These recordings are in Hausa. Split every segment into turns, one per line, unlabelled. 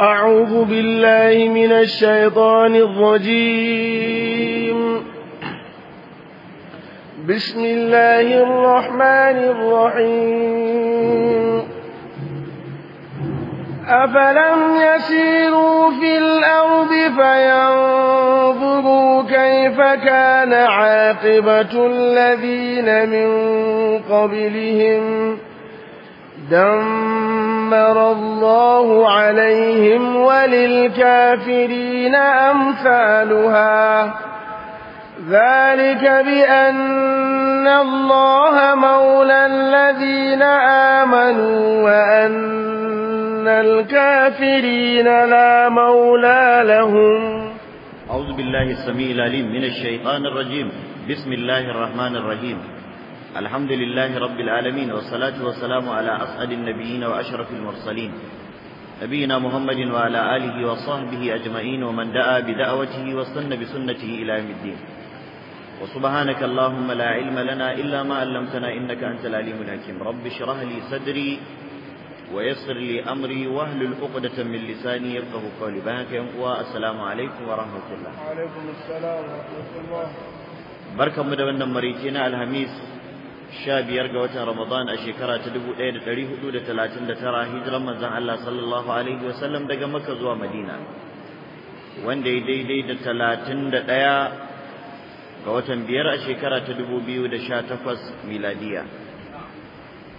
أعوذ بالله من الشيطان الرجيم بسم الله الرحمن الرحيم أفلم يسيروا في الأرض فينظروا كيف كان عاقبة الذين من قبلهم دمر الله عليهم وللكافرين أمثالها ذلك بأن الله مولى الذين آمنوا وأن الكافرين لا مولى لهم
أعوذ بالله السميع العليم من الشيطان الرجيم بسم الله الرحمن الرحيم الحمد لله رب العالمين والصلاة والسلام على أسعد النبيين وأشرف المرسلين نبينا محمد وعلى آله وصحبه أجمعين ومن دعا بدعوته وسن بسنته إلى يوم الدين وسبحانك اللهم لا علم لنا إلا ما علمتنا إنك أنت العليم الحكيم رب اشرح لي صدري ويسر لي أمري واهلل عقدة من لساني يفقه قولي بهك والسلام عليكم ورحمة الله
وعليكم السلام ورحمة الله
بركة مدونة مريتنا الهميس 15 ga watan Ramadan a shekara ta 1439 hijiran manzon Allah sallallahu alaihi wa sallam daga Makka zuwa Madina wanda ya daidai da 31 ga watan biyar a shekara ta 2018 miladiya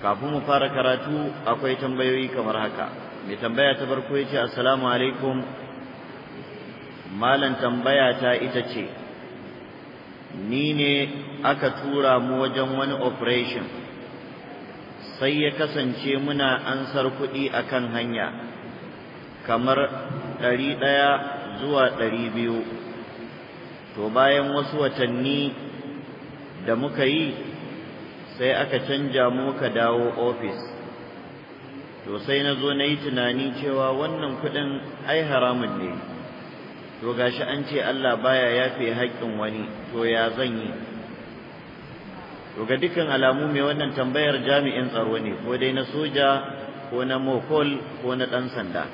kafin mu fara karatu akwai tambayoyi kamar haka mai tambaya ta farko yace assalamu alaikum malam tambaya ta ita ce ni ne aka tura mu wajen wani operation sai ya kasance muna ansar kuɗi a kan hanya kamar ɗari ɗaya zuwa ɗari biyu to bayan wasu watanni da muka yi sai aka canja mu ka dawo ofis to sai na zo na yi tunani cewa wannan kuɗin ai haramun ne to gashi an ce Allah baya yafe haƙƙin wani to ya zan yi to ga dukkan alamu mai wannan tambayar jami'in tsaro ne ko dai na soja ko na mokol ko na ɗan sanda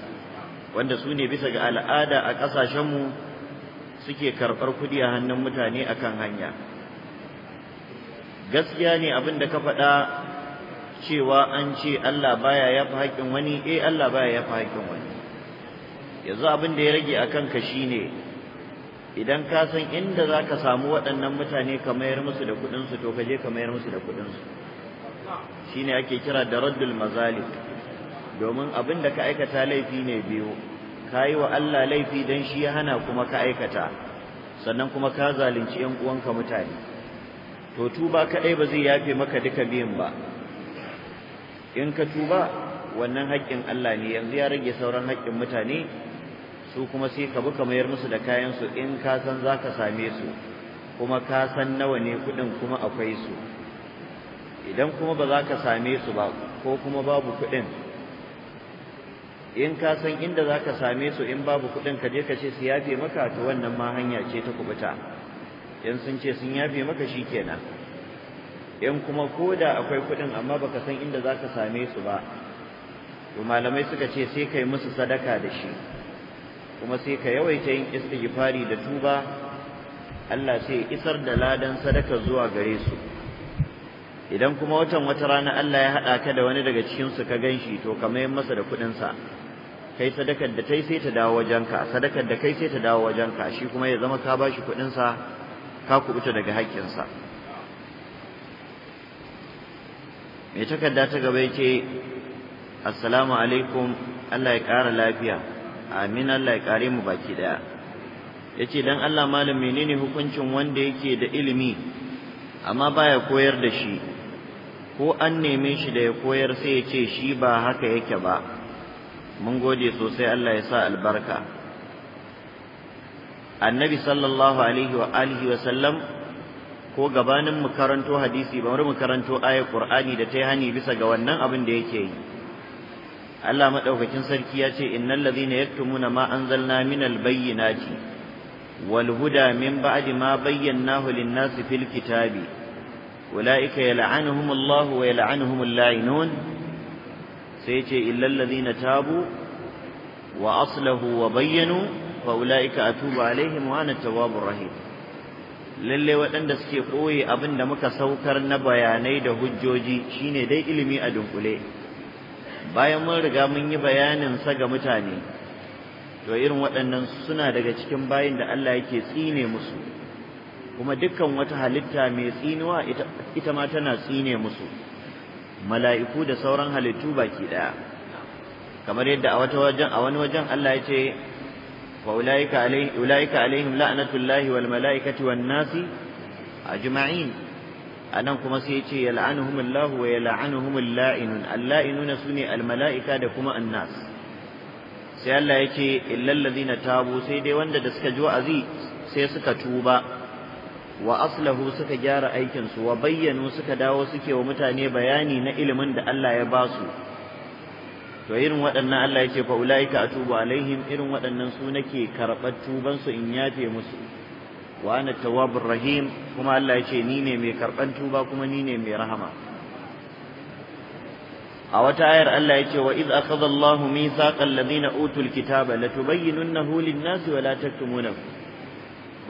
wanda su ne bisa ga al'ada a ƙasashenmu suke karɓar kuɗi a hannun mutane akan hanya gaskiya ne abin da ka faɗa cewa an ce Allah baya yafa haƙƙin wani eh Allah baya yafi haƙƙin wani yanzu abin da ya rage a kanka shi ne idan ka san inda za ka samu waɗannan mutane ka mayar musu da kuɗinsu to ka je ka mayar musu da kuɗinsu ne ake kira da raddul mazalik domin abin da ka aikata laifi ne biyu ka yi wa Allah laifi don shi ya hana kuma ka aikata sannan kuma ka zalunci 'yan uwanka mutane to tuba kaɗai ba zai yafe maka duka biyun ba in ka tuba wannan haƙƙin Allah ne yanzu ya rage sauran haƙƙin mutane su kuma sai ka bi ka mayar musu da kayan su in ka san za ka same su kuma ka san nawa ne kuɗin kuma akwai su idan kuma ba za ka same su ba ko kuma babu kuɗin in ka san inda za ka same su in babu kuɗin ka je ka ce su yafe maka to wannan ma hanya ce ta kubuta in sun ce sun yafe maka shi kenan in kuma ko da akwai kuɗin amma baka san inda za ka same su ba to malamai suka ce sai kai musu sadaka da shi kuma sai ka yawaita yin istighfari da tuba Allah sai isar da ladan sadaka zuwa gare su idan kuma watan wata rana Allah ya hada ka da wani daga cikin su ka ganshi to ka mayar masa da kudin sa kai sadakar da kai sai ta dawo wajenka sadakar da kai sai ta dawo wajenka shi kuma ya zama ka bashi kudin sa ka kubuta daga hakkin sa mai takarda ta gaba yake assalamu alaikum Allah ya kara lafiya amin Allah ya kare mu baki daya yace dan Allah malam menene hukuncin wanda yake da ilimi amma baya koyar da shi ko an neme shi da ya koyar sai ya ce shi ba haka yake ba mun gode sosai Allah ya sa albarka annabi sallallahu alaihi wa alihi wa sallam ko gabanin mu karanto hadisi ba mu karanto ayar qur'ani da ta hani bisa ga wannan abin da yake yi Allah madaukakin sarki ya ce innal ladhina yaktumuna ma anzalna minal bayyinati wal huda min ba'di ma bayyanahu lin-nasi fil kitabi ulaika yal'anuhumullahu wa yal'anuhumul la'inun sai ce illal ladhina tabu wa aslahu wa bayyanu fa ulaika atubu alaihim wa ana tawwabur rahim lalle waɗanda suke koyi abin da muka saukar na bayanai da hujjoji shine dai ilimi a dunkule bayan mun riga mun yi bayanin sa ga mutane to irin waɗannan suna daga cikin bayin da Allah yake tsine musu kuma dukkan wata halitta mai tsinuwa ita ma tana tsine musu mala'iku da sauran halittu baki ɗaya kamar yadda a wata wajen a wani wajen Allah ya ce wa ulaika alaihim la'natullahi wal mala'ikati wan nasi ajma'in anan kuma sai yace yal'anuhumullahu wa yal'anuhumul la'inun al Alla'inuna sune al-mala'ika da kuma annas sai Allah yake illal ladina tabu sai dai wanda da suka ji wa'azi sai suka tuba wa aslahu suka gyara aikin su wa bayyanu suka dawo suke wa mutane bayani na ilimin da Allah ya ba su to irin waɗannan Allah yake fa ulaika atubu alaihim irin waɗannan su nake karɓar tuban su in yafe musu wa ana tawwabur rahim kuma Allah ya ce ni ne mai karban tuba kuma ni ne mai rahama a wata hayar Allah ya ce wa iz akhadha Allahu mithaqal ladina utul kitaba latubayyinunnahu lin-nasi wa la taktumunahu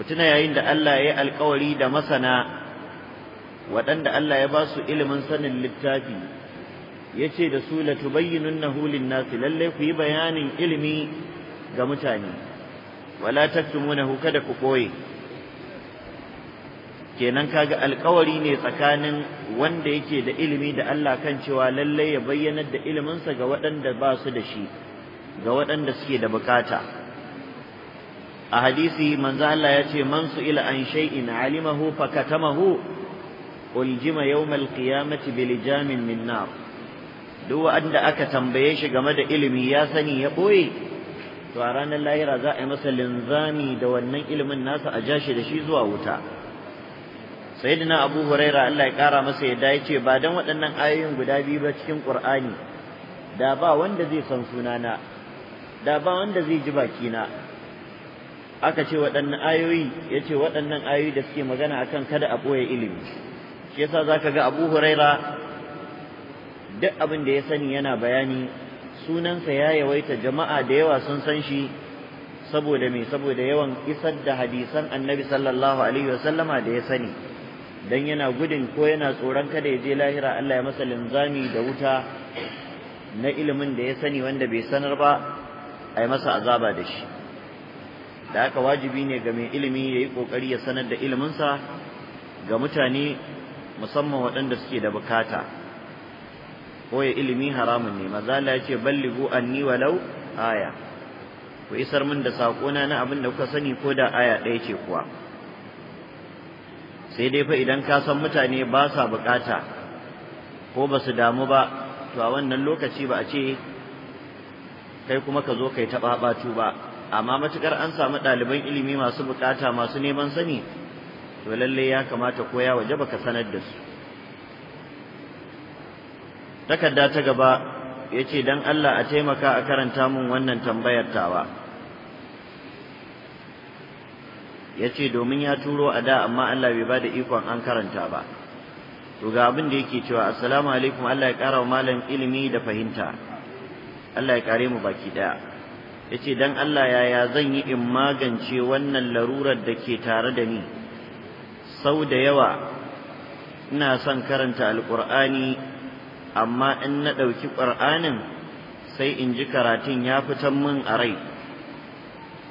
mutuna yayin da Allah ya yi alkawari da masana waɗanda Allah ya ba su ilimin sanin littafi ya ce da su latubayyinunnahu lin-nasi lalle ku yi bayanin ilimi ga mutane wala taktumunahu kada ku koye kenan kaga alkawari ne tsakanin wanda yake da ilimi da Allah kan cewa lallai ya bayyanar da iliminsa ga waɗanda ba su da shi ga waɗanda suke da bukata a hadisi manzo Allah ya ce man ila an shay'in alimahu fakatamahu uljima yawmal qiyamati bilijamin min nar duk wanda aka tambaye shi game da ilimi ya sani ya boye to a ranar lahira za a yi masa linzami da wannan ilimin nasa a jashi da shi zuwa wuta sayyidina abu huraira Allah ya kara masa yadda yace ba dan waɗannan ayoyin guda biyu ba cikin qur'ani da ba wanda zai san sunana da ba wanda zai ji bakina aka ce waɗannan ayoyi yace waɗannan ayoyi da suke magana akan kada a boye ilimi shi yasa zaka ga abu huraira duk abin da ya sani yana bayani sunansa ya yawaita jama'a da yawa sun san shi saboda me saboda yawan isar da hadisan annabi sallallahu alaihi wasallama da ya sani dan yana gudun ko yana tsoron kada ya je lahira Allah ya masa linzami da wuta na ilimin da ya sani wanda bai sanar ba a yi masa azaba da shi da haka wajibi ne ga mai ilimi ya yi ƙoƙari ya sanar da iliminsa ga mutane musamman waɗanda suke da bukata ko ya ilimi haramun ne maza ya ce ballighu anni walau aya ku isar min da saƙona na abin da kuka sani ko da aya ɗaya ce kuwa sai dai fa idan ka san mutane ba sa bukata ko ba su damu ba to a wannan lokaci ba a ce kai kuma ka zo kai taɓaɓatu ba amma matukar an samu ɗaliban ilimi masu bukata masu neman sani to lallai ya kamata koya waje baka sanar da su takarda ta gaba yace don Allah a taimaka a karanta mun wannan tambayar tawa ya ce domin ya turo a da amma Allah bai ba da ikon an karanta ba to ga abin da yake cewa assalamu alaikum Allah ya kara wa malam ilimi da fahimta Allah ya kare mu baki daya ya ce dan Allah yaya zan yi in magance wannan larurar da ke tare da ni sau da yawa ina son karanta alƙur'ani amma in na ɗauki ƙur'anin sai in ji karatun ya fitan min a rai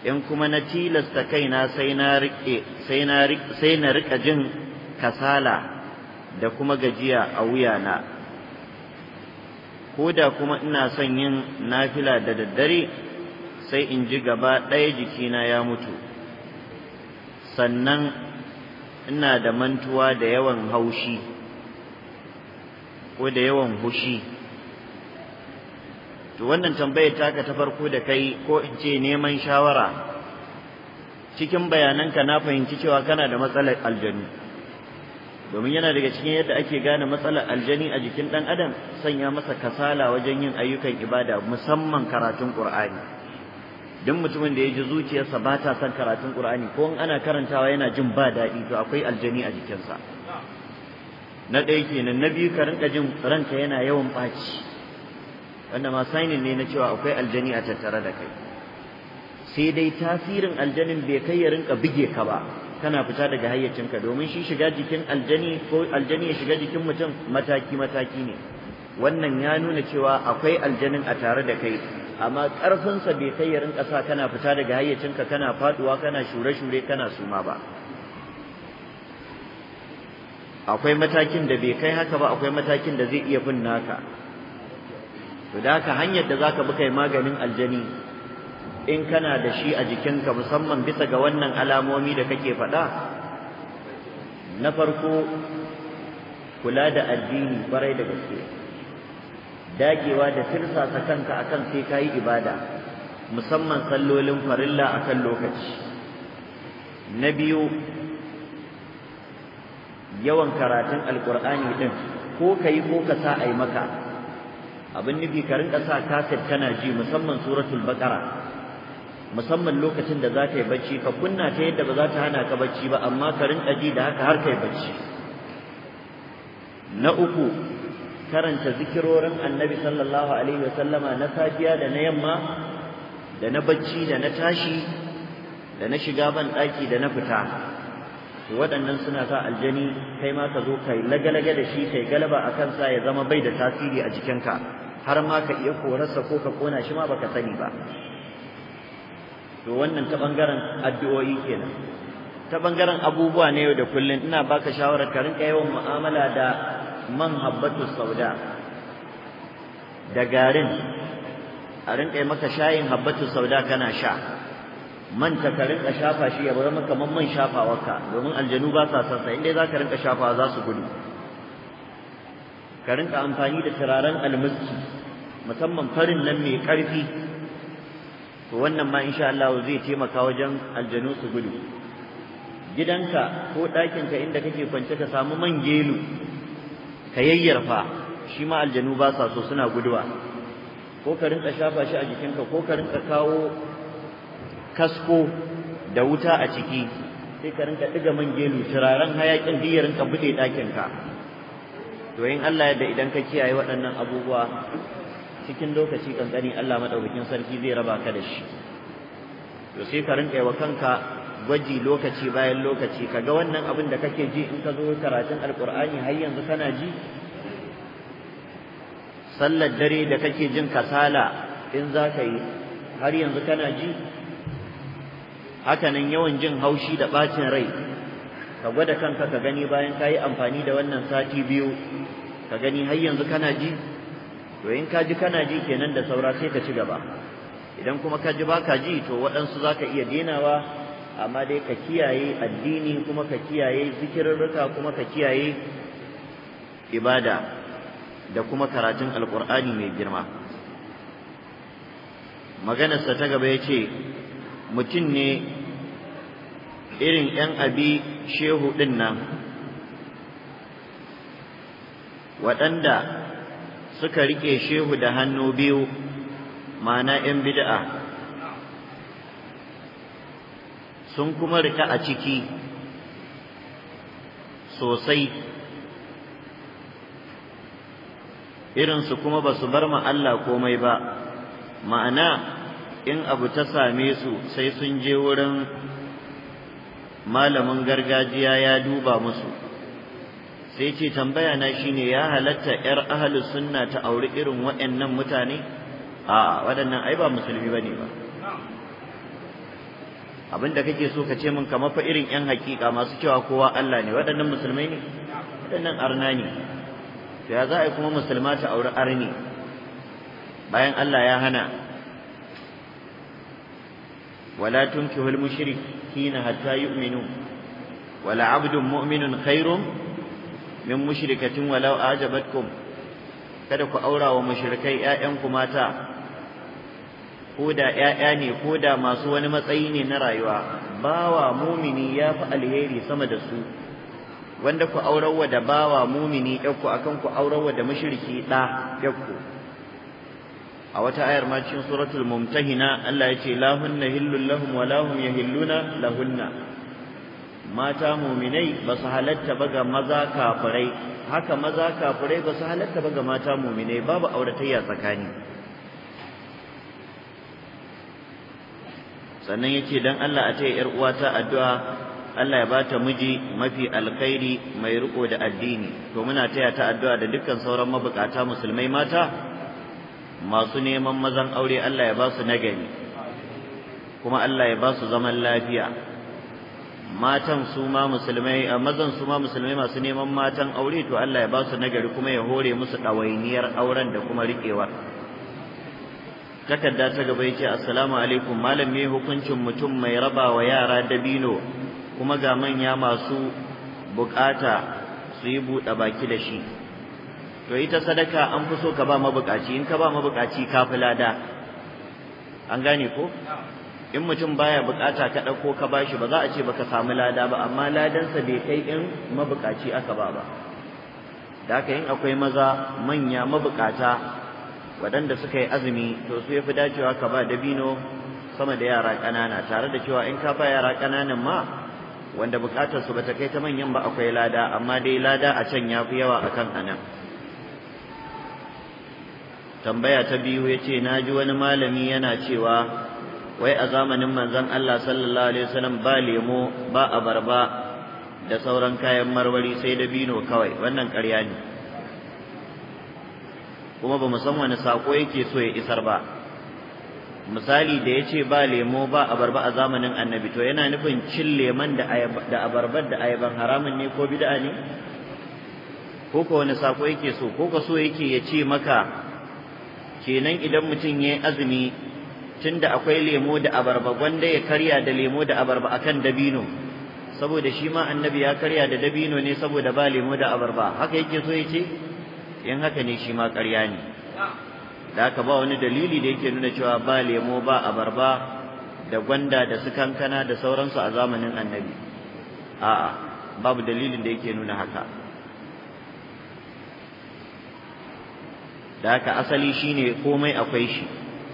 in kuma na tilasta kaina sai na riƙa jin kasala da kuma gajiya a wuyana ko da kuma ina son yin nafila da daddare sai in ji gaba ɗaya jikina ya mutu sannan ina da mantuwa da yawan haushi ko da yawan hushi to wannan tambayar taka ta farko da kai ko in ce neman shawara cikin bayananka na fahimci cewa kana da matsalar aljani domin yana daga cikin yadda ake gane matsalar aljani a jikin ɗan adam sanya masa kasala wajen yin ayyukan ibada musamman karatun ƙur'ani duk mutumin da ya ji zuciyarsa ba ta son karatun ƙur'ani ko in ana karantawa yana jin ba daɗi to akwai aljani a jikinsa na ɗaya kenan na biyu ka rinka jin ranka yana yawan ɓaci wanda ma sainin ne na cewa akwai aljani a tattare da kai sai dai tasirin aljanin bai kai ya rinka bige ka ba kana fita daga hayyacinka domin shi shiga jikin aljani ko aljani ya shiga jikin mutum mataki mataki ne wannan ya nuna cewa akwai aljanin a tare da kai amma ƙarfinsa bai kai ya rinka sa kana fita daga hayyacinka kana faduwa kana shure-shure kana suma ba akwai matakin da bai kai haka ba akwai matakin da zai iya bin naka to da hanyar da zaka bi kai maganin aljani in kana da shi a jikinka musamman bisa ga wannan alamomi da kake faɗa na farko kula da addini barai da gaske dagewa da tirsasa kanka akan sai kayi ibada musamman sallolin farilla akan lokaci na biyu yawan karatun alkur'ani din ko kayi ko ka sa ai maka abin nufi ka rinka sa kaset tana ji musamman suratul baqara musamman lokacin da za ka yi bacci ka kunna ta yadda ba za ta hana ka bacci ba amma ka rinka ji da haka har ka yi bacci na uku karanta zikirorin annabi sallallahu alaihi wasallama na safiya da na yamma da na bacci da na tashi da na shiga ban daki da na fita to waɗannan suna sa aljani kai ma ka zo kai lagalaga da shi kai galaba akan sa ya zama bai da tasiri a jikinka har ma ka iya korarsa ko ka kona shi ma baka sani ba to wannan ta bangaren addu'o'i kenan ta bangaren abubuwa na yau da kullun ina baka shawarar ka rinka yawan mu'amala da man habbatu sauda da garin a rinka yi maka shayin habbatu sauda kana sha man ta ka rinka shafa shi ya bar maka man waka. domin aljanu ba sa sansa inda za ka rinka shafawa za su gudu ka rinka amfani da turaren almaski musamman farin nan mai ƙarfi to wannan ma insha Allah zai taimaka wajen aljanu su gudu gidanka ko ɗakinka inda kake kwance ka samu man gelu ka yayyarfa shi ma aljanu ba sa so suna guduwa ko ka rinka shafa shi a jikinka ko ka rinka kawo kasko da wuta a ciki sai ka rinka ɗiga man gelu turaren hayakin duk ka rinka ɗakin ɗakinka to in Allah yadda idan ka kiyaye waɗannan abubuwa cikin lokaci kankani Allah madaukakin sarki zai raba ka da shi to sai ka rinka wa kanka gwaji lokaci bayan lokaci kaga wannan abin da kake ji in ka zo karatun alqur'ani har yanzu kana ji sallar dare da kake jin kasala in za ka yi har yanzu kana ji haka nan yawan jin haushi da ɓacin rai ka gwada kanka ka gani bayan ka yi amfani da wannan sati biyu ka gani har yanzu kana ji to in ka ji kana ji kenan da saura sai ka ci gaba idan kuma ka ji baka ji to waɗansu za ka iya denawa amma dai ka kiyaye addini kuma ka kiyaye zikirarruka kuma ka kiyaye ibada da kuma karatun alƙur'ani mai girma maganarsa ta gaba ya ce mutum ne irin 'yan abi shehu ɗin nan waɗanda suka riƙe shehu da hannu biyu ma'ana 'yan bid'a sun kuma rika a ciki sosai irinsu kuma ba su bar ma Allah komai ba ma'ana in abu ta same su sai sun je wurin malamin gargajiya ya duba musu sai ce tambaya na shine ya halatta yar ahli sunna ta auri irin waɗannan mutane a waɗannan ai ba musulmi bane ba abinda kake so ka ce min kamar fa irin yan hakika masu cewa kowa Allah ne waɗannan musulmai ne waɗannan arna ne to ya za a yi kuma musulma ta auri arni bayan Allah ya hana ولا تنكه المشركين حتى يؤمنوا ولا عبد مؤمن خير من مشركة ولو أعجبتكم كدك أورا ومشركي آئن آتا هودا آئاني هودا ما سوى نمطيني نرى يوا باوا مؤمني ياف الهيري سمد السوء وندك أورا ودا باوا مؤمني يوكو أكنكو أورا ودا لا يوكو a wata ayar ma cikin suratul mumtahina Allah yace, ce la hunna hillul lahum wa lahum yahilluna lahunna mata muminai ba su halatta ba ga maza kafirai haka maza kafirai ba su halatta ba ga mata muminai babu auratayya tsakani sannan yace dan Allah a taya yar uwata addu'a Allah ya bata miji mafi alkhairi mai riko da addini to muna taya ta addu'a da dukkan sauran mabukata musulmai mata masu neman mazan aure Allah ya ba su nagari kuma Allah ya ba su zaman lafiya matan su ma musulmai mazan su ma musulmai masu neman matan aure to Allah ya ba su nagari kuma ya hore musu ɗawainiyar auren da kuma riƙewar takarda ta gaba yake assalamu alaikum malam me hukuncin mutum mai raba wa yara dabino kuma ga manya masu buƙata su yi buɗe baki da shi to ita sadaka an fi so ka ba mabukaci in ka ba mabukaci ka fi lada an gane ko in mutum baya bukata ka dauko ka bashi ba za a ce ba ka samu lada ba amma ladansa bai kai in mabukaci aka ba ba da haka in akwai maza manya mabukata waɗanda suka yi azumi to su yafi dacewa ka ba dabino sama da yara ƙanana tare da cewa in ka ba yara ƙananan ma wanda bukatar su bata kai ta manyan ba akwai lada amma dai lada a can yafi yawa akan anan tambaya ta biyu ya ce, na ji wani malami yana cewa wai a zamanin manzon Allah sallallahu alaihi wasallam ba lemo ba abarba da sauran kayan marmari sai da dabino kawai wannan karya ne kuma ba san wani saƙo yake so ya isar ba misali da ya ce ba lemo ba abarba a zamanin annabi to yana nufin cin leman da abarbar da ayaban haramun ne ko bid'a ne ko ko wani saƙo yake so ko ka so yake ya ce maka kenan idan mutum ya yi azumi tunda akwai lemo da abarba gwanda ya karya da lemo da abarba a kan dabino saboda shi ma annabi ya karya da dabino ne saboda ba lemo da abarba haka yake so ya ce in haka ne shi ma karya ne da haka ba wani dalili da yake nuna cewa ba lemo ba abarba da gwanda da su kankana da sauransu a zamanin annabi a'a babu dalilin da yake nuna haka da haka asali shine komai akwai shi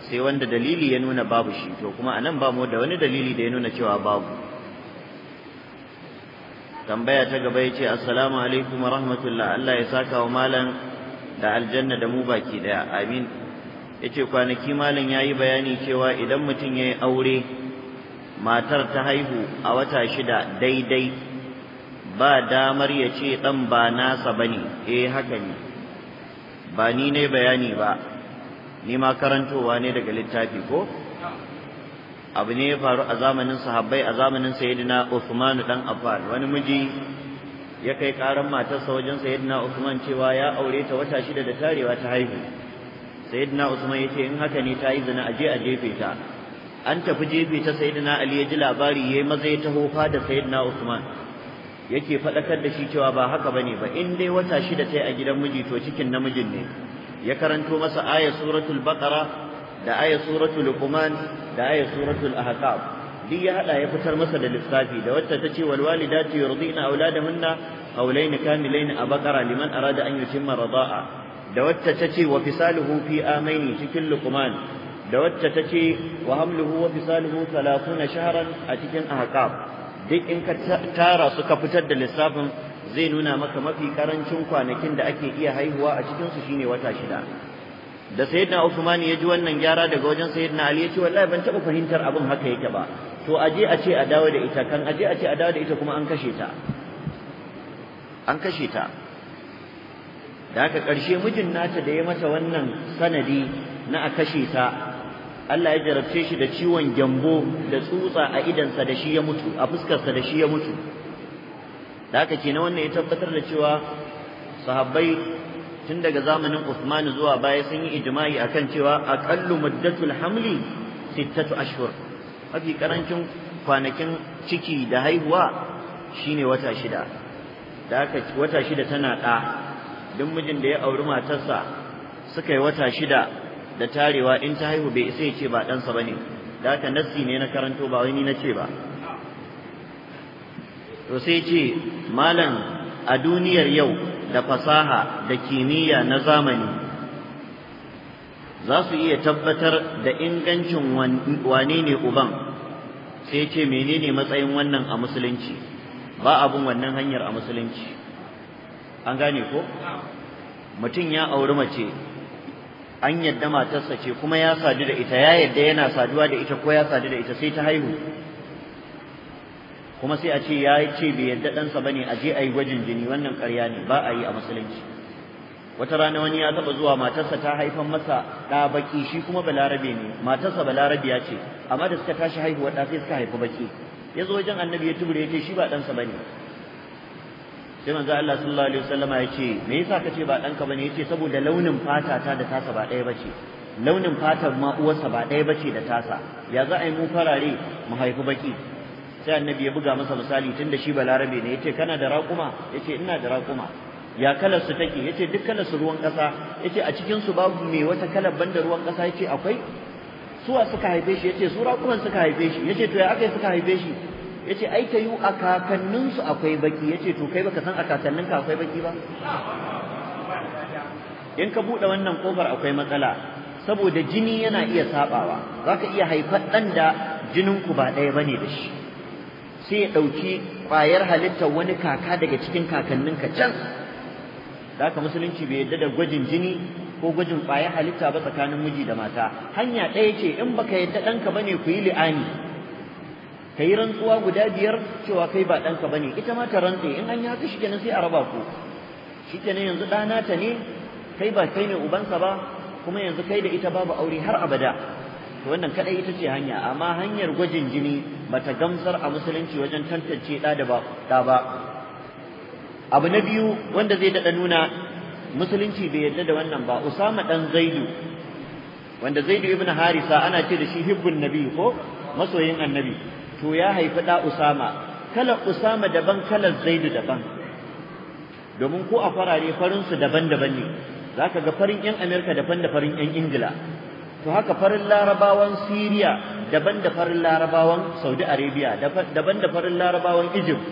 sai wanda dalili ya nuna babu shi to kuma anan ba mu da wani dalili da ya nuna cewa babu tambaya ta gaba yace assalamu alaikum wa rahmatullah Allah ya saka wa malam da aljanna da mu baki daya amin yace kwanaki malam yayi bayani cewa idan mutum yayi aure matar ta haihu a wata shida daidai ba damar ya ce dan ba nasa bane eh haka ne ba ni ne bayani ba ni ma karantowa ne daga littafi ko abu ne ya faru a zamanin sahabbai a zamanin sayidina Uthman dan Affan wani miji ya kai karan matarsa wajen sayidina Uthman cewa ya aure ta wata shida da tarewa ta haihu sayidina Uthman yace in haka ne ta yi zina aje a jefe ta an tafi jefe ta sayidina Ali ya ji labari yayi maza ya taho fa da sayidina Uthman yake fadakar da shi cewa ba haka bane ba in dai wata shida tai a gidan miji to cikin namijin ne ya karanto masa ayat suratul baqara da ayat suratul luqman da ayat suratul ahqaf duk ya hada ya fitar masa da lissafi da wacce ta ce wal walidatu yurdina auladahunna hawlayn kamilayn a baqara liman arada an yutimma rida'a da wacce ta ce wa fisaluhu fi amaini cikin luqman da wacce ta ce wa hamluhu wa fisaluhu 30 shahran a cikin ahqaf duk in ka tara su ka fitar da lissafin zai nuna maka mafi karancin kwanakin da ake iya haihuwa a cikin su shine wata shida da sayyidina Uthman ya ji wannan gyara daga wajen sayyidina Ali ya ce wallahi ban taba fahimtar abin haka yake ba to aje a ce a dawo da ita kan aje a ce a dawo da ita kuma an kashe ta an kashe ta da haka ƙarshe mijin nata da ya mata wannan sanadi na a kashe ta Allah ya jarabce shi da ciwon gyambo da tsutsa a idansa da shi ya mutu a fuskarsa da shi ya mutu da haka kenan wannan ya tabbatar da cewa sahabbai tun daga zamanin Uthman zuwa baya sun yi ijma'i akan cewa aqallu muddatul hamli sittatu ashhur mafi karancin kwanakin ciki da haihuwa shine wata shida da haka wata shida tana da duk mijin da ya auri matarsa suka yi wata shida da tarewa in ta haihu bai isa ya ce ba ɗansa ba ne da haka nassi ne na karanto ba wai ni na ce ba to sai ce malam a duniyar yau da fasaha da kimiyya na zamani za su iya tabbatar da ingancin wane ne uban sai ce menene matsayin wannan a musulunci ba abun wannan hanyar a musulunci an gane ko mutum ya auri mace an yadda matarsa ce kuma ya sadu da ita ya yadda yana saduwa da ita ko ya sadu da ita sai ta haihu kuma sai a ce ya ce bai yadda ɗansa ba ne a je a yi gwajin jini wannan ƙarya ne ba a yi a musulunci wata rana wani ya taɓa zuwa matarsa ta haifan masa ɗa baki shi kuma balarabe ne matarsa balarabiya ce amma da suka tashi haihuwa ɗa sai suka haifi baki ya zo wajen annabi ya tubure ya ce shi ba ɗansa ba ne. sai manzo Allah sallallahu alaihi wasallama yace me yasa kace ba danka bane yace saboda launin fata ta da tasa ba daya bace launin fatar ma uwarsa ba daya bace da tasa ya za a yi mu farare mu haifi baki sai annabi ya buga masa misali tunda shi balarabe ne yace kana da raƙuma yace ina da raƙuma ya kalar su take yace duk kalar su ruwan kasa yace a cikin su babu me wata kalar banda ruwan kasa yace akwai suwa suka haife shi yace su raƙuman suka haife shi yace to ya aka suka haife shi yace ai ta yu a kakanninsu akwai baki yace to kai baka san a kakanninka akwai baki ba in ka buɗe wannan kofar akwai matsala saboda jini yana iya sabawa zaka iya haifar ɗan da jinin ku ba ɗaya bane da shi sai ya ɗauki ƙwayar halittar wani kaka daga cikin kakanninka can da haka musulunci bai yarda da gwajin jini ko gwajin ƙwayar halitta ba tsakanin miji da mata hanya ɗaya ce in baka yadda ɗanka bane ku yi li'ani ka yi rantsuwa guda biyar cewa kai ba ɗanka ba ne ita ma ta rantse in an yi haka shi kenan sai a raba ku shi kenan yanzu ɗana ta ne kai ba kai ne ubansa ba kuma yanzu kai da ita babu aure har abada to wannan kadai ita ce hanya amma hanyar gwajin jini bata gamsar a musulunci wajen tantance ɗa da ba ba abu na biyu wanda zai daɗa nuna musulunci bai yarda da wannan ba usama ɗan zaidu wanda zaidu ibn harisa ana ce da shi hibbun nabi ko masoyin annabi to ya haifi da Usama kala Usama daban kala Zaid daban domin ko a farare farin su daban-daban ne zaka ga farin yan Amerika daban da farin yan Ingila to haka farin larabawan Syria daban da farin larabawan Saudi Arabia daban da farin larabawan Egypt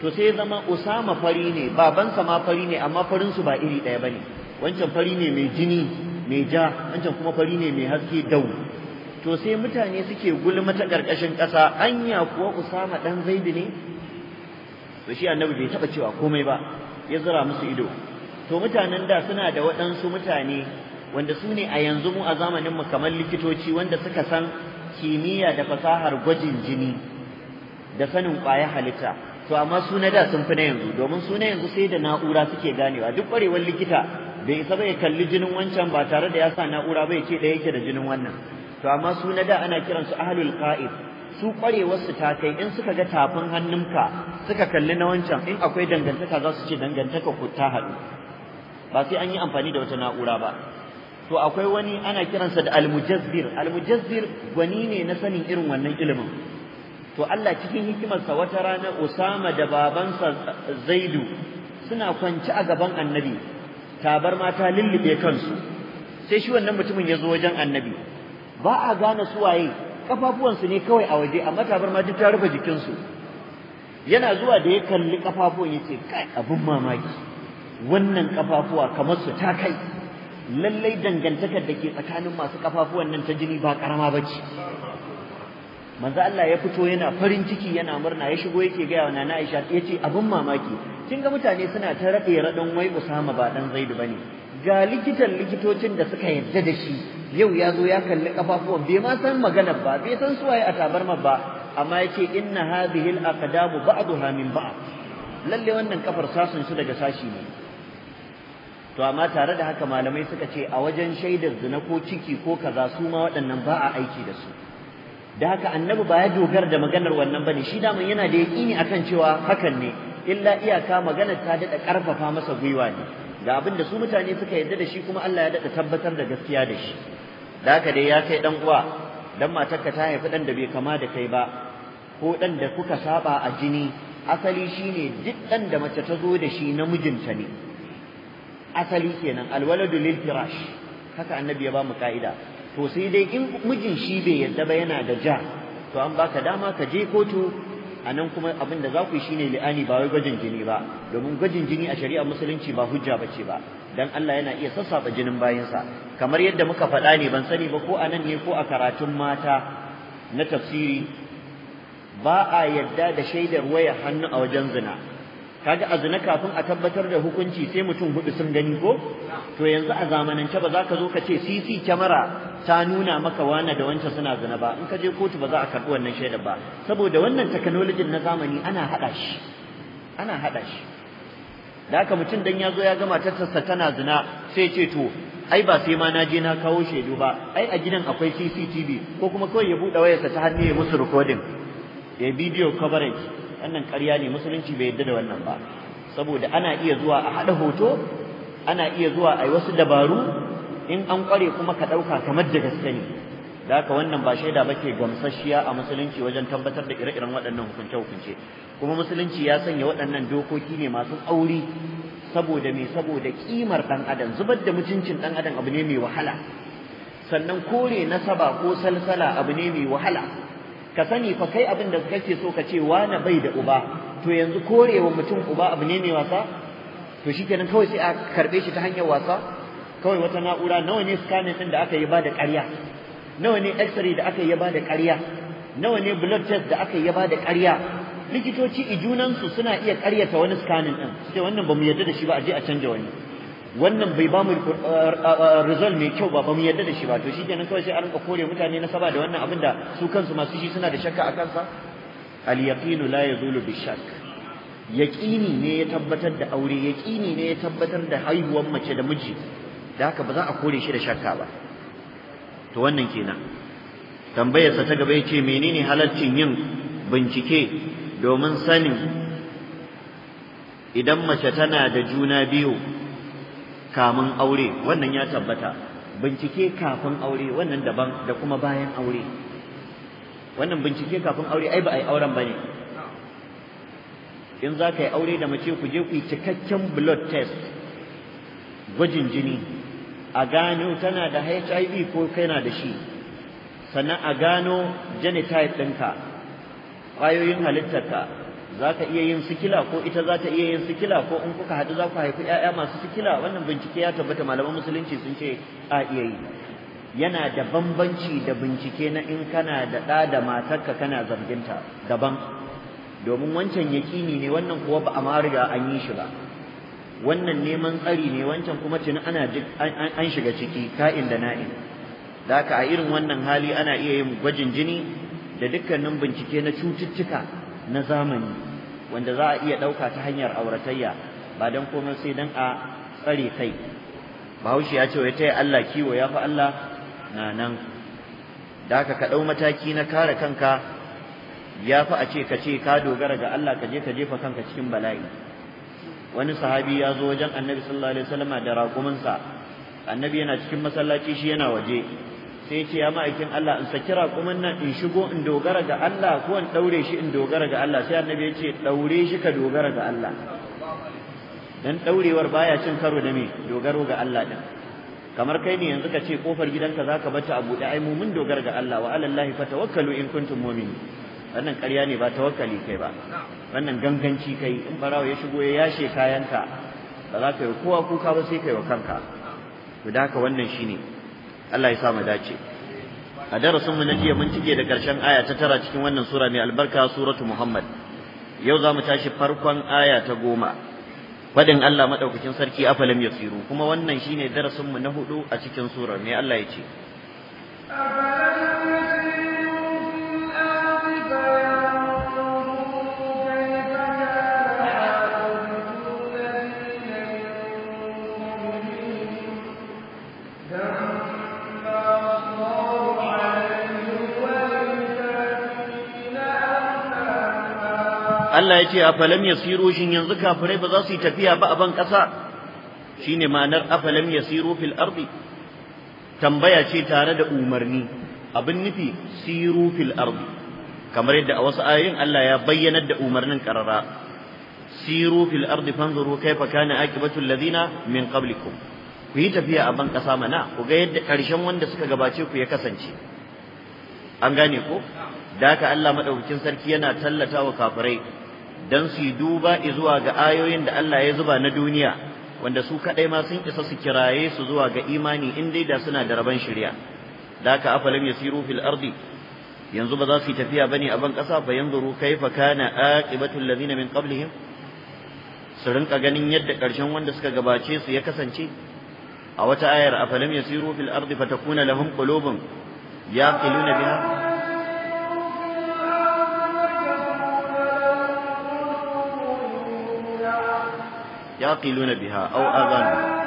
to sai zama Usama fari ne babansa ma fari ne amma farin su ba iri ɗaya bane wancan fari ne mai jini mai ja wancan kuma fari ne mai haske dau to sai mutane suke gulma ta ƙarƙashin ƙasa anya kuwa Usama dan Zaid ne to shi annabi bai taba cewa komai ba ya zura musu ido to mutanen da suna da waɗansu mutane wanda su ne a yanzu mu a zamanin mu kamar likitoci wanda suka san kimiyya da fasahar gwajin jini da sanin ƙwaya halitta to amma su na da sun fi na yanzu domin su na yanzu sai da na'ura suke ganewa duk ƙwarewar likita bai isa bai kalli jinin wancan ba tare da ya sa na'ura bai ce ɗaya yake da jinin wannan to amma su na da ana kiransu ahlul qa'id su kwarewarsu ta kai in suka ga tafin hannunka suka kalli na wancan in akwai dangantaka za su ce dangantaka ku ta hadu ba sai an yi amfani da wata na'ura ba to akwai wani ana kiransa da almujazzir almujazzir gwani ne na sanin irin wannan ilimin to Allah cikin hikimarsa wata rana Usama da babansa Zaidu suna kwanci a gaban annabi tabar mata lullube kansu sai shi wannan mutumin ya zo wajen annabi ba a gane su waye kafafuwansu ne kawai a waje amma tabarma duk ta rufe jikinsu yana zuwa da ya kalli kafafuwan yace kai abin mamaki wannan kafafuwa kamar su ta kai lallai dangantakar da ke tsakanin masu kafafuwan nan ta jini ba karama bace manzo Allah ya fito yana farin ciki yana murna ya shigo yake ga wa Nana Aisha yace abin mamaki kin ga mutane suna ta rade radon wai Usama ba dan Zaid bane ga likitan likitocin da suka yarda da shi yau ya zo ya kalli kafafuwan bai ma san magana ba bai san suwaye a tabarma ba amma yace inna hadhihi al-aqdamu ba'daha min ba'd lalle wannan kafar sasun su daga sashi ne to amma tare da haka malamai suka ce a wajen shaidar zina ko ciki ko kaza su ma waɗannan ba a aiki da su da haka annabi ba ya dogara da maganar wannan bane shi daman yana da yaƙini akan cewa hakan ne illa iyaka maganar ta daɗa karfafa masa gwiwa ne ga abin da su mutane suka yarda da shi kuma Allah ya daɗa tabbatar da gaskiya da shi da haka dai ya kai dan uwa dan matarka ta haifi ɗan da bai kama da kai ba ko dan da kuka saba a jini asali shine duk dan da mace ta zo da shi na mijinta ne asali kenan alwaladu lil firash haka annabi ya ba mu ka'ida to sai dai in mijin shi bai yarda ba yana da ja to an baka dama ka je kotu a nan kuma abin da za ku yi shine li'ani ba wai gwajin jini ba domin gwajin jini a shari'ar musulunci ba hujja ce ba dan Allah yana iya sassaɓa jinin bayinsa kamar yadda muka faɗa ne ban sani ba ko a nan ne ko a karatun mata na tafsiri ba a yadda da shaidar waya hannu a wajen zina kaga azna kafin a tabbatar da hukunci sai mutum hudu sun gani ko to yanzu a zamanance ba za ka zo ka ce CC kyamara ta nuna maka wana da wancan suna zina ba in ka je kotu ba za a karɓi wannan shaidar ba saboda wannan technology na zamani ana haɗa shi ana haɗa shi da haka mutum dan ya zo ya gama tattasa tana zina sai ce to ai ba sai ma na je na kawo shaidu ba ai a gidan akwai CCTV ko kuma kawai ya buɗe wayarsa ta hannu ya musu recording ya bidiyo coverage wannan ƙarya ne musulunci bai yarda da wannan ba saboda ana iya zuwa a haɗa hoto ana iya zuwa a yi wasu dabaru in an ƙware kuma ka ɗauka kamar da gaske ne da haka wannan ba shaida ba ke gamsasshiya a musulunci wajen tabbatar da ire-iren waɗannan hukunce-hukunce kuma musulunci ya sanya waɗannan dokoki ne masu tsauri saboda me saboda kimar ɗan adam zubar da mutuncin ɗan adam abu ne mai wahala sannan kore nasaba ko salsala abu ne mai wahala ka sani fa kai abin da kake so ka ce wa na bai da uba to yanzu korewa mutum uba abu ne mai wasa to shi kenan kawai sai a karbe shi ta hanyar wasa kawai wata na'ura nawa ne scanning din da aka yi ba da ƙarya nawa ne x-ray da aka yi ba da ƙarya nawa ne blood test da aka yi ba da ƙarya likitoci junansu suna iya ƙaryata wani scanning ɗin. sai wannan bamu yarda da shi ba a je a canja wani wannan bai ba mu uh, uh, result mai kyau ba ba mu yadda da shi ba to shi kenan kawai sai a rinka kore mutane na saba da wannan abin da su kansu masu shi suna da shakka a kansa al yaqinu la yazulu bi shakk yaqini ne ya tabbatar da aure yaqini ne ya tabbatar da haihuwar mace da miji da haka ba za a kore shi da shakka ba to wannan kenan tambayarsa ta gaba yace menene halaccin yin bincike domin sanin idan mace tana da juna biyu kamun aure wannan ya tabbata bincike kafin aure wannan daban da kuma bayan aure wannan bincike kafin aure ai ba ai auren bane in za ka yi aure da mace ku je ku yi cikakken blood test gwajin jini a gano tana da HIV ko kana da shi sannan a gano genotype ɗinka ƙwayoyin halittarka za ka iya yin sikila ko ita za ta iya yin sikila ko in kuka haɗu za ku haifi 'ya'ya masu sikila wannan bincike ya tabbata malaman musulunci sun ce a iya yi yana da bambanci da bincike na in kana da ɗa da matarka kana zarginta daban domin wancan yaƙini ne wannan kuwa ba a ma an yi shi ba wannan neman tsari ne wancan kuma tuni ana an shiga ciki ka'in da na'in da haka a irin wannan hali ana iya yin gwajin jini da dukkanin bincike na cututtuka na zamani wanda za a iya ɗauka ta hanyar auratayya ba don komai sai don a tsare kai bahaushe ya ce ya taya Allah kiwo ya fi Allah na nan da haka ka ɗau mataki na kare kanka ya fi a ce ka ce ka dogara ga Allah ka je ka jefa kanka cikin bala'i wani sahabi ya zo wajen annabi sallallahu alaihi da raƙuminsa annabi yana cikin masallaci shi yana waje sai ce ya ma'aikin Allah in saki raƙumin nan in shigo in dogara ga Allah ko in ɗaure shi in dogara ga Allah sai annabi ya ce ɗaure shi ka dogara ga Allah dan ɗaurewar baya cin karo da me dogaro ga Allah din kamar kai ne yanzu ka ce kofar gidanka zaka bata a buɗe ai mu mun dogara ga Allah wa alallahi fatawakkalu in kuntum mu'minin wannan ƙarya ne ba tawakkali kai ba wannan ganganci kai in barawa ya shigo ya yashe kayanka ba za ka yi kowa kuka ba sai kai wa kanka to da haka wannan shine Allah ya sa mu dace a darasin mu na jiya mun cike da karshen aya ta tara cikin wannan sura mai albarka suratu Muhammad yau za mu tashi farkon aya ta goma fadin Allah madaukakin sarki afalam yasiru kuma wannan shine darasin mu na hudu a cikin sura mai Allah ya ce Allah ya ce afalam yasiru shin yanzu kafirai ba za su yi tafiya ba a ban ƙasa shine ma'anar afalam yasiru fil ardi tambaya ce tare da umarni abin nufi siru fil ardi kamar yadda a wasu ayoyin Allah ya bayyanar da umarnin karara siru fil ardi fanzuru kaifa kana akibatul ladina min qablikum ku yi tafiya a ban ƙasa mana ku ga yadda ƙarshen wanda suka gabace ku ya kasance an gane ko da haka Allah madaukakin sarki yana tallata wa kafirai dan su duba zuwa ga ayoyin da Allah ya zuba na duniya wanda su kadai ma sun isa su kiraye su zuwa ga imani in dai da suna da rabon shirya. da haka afalam yasiru fil ardi yanzu ba za su yi tafiya bane a ban kasa fa yanzuru kaifa kana aqibatul ladina min qablihim su rinka ganin yadda ƙarshen wanda suka gabace su ya kasance a wata ayar afalam yasiru fil ardi fatakuna lahum qulubun yaqiluna biha يعقلون بها أو آذان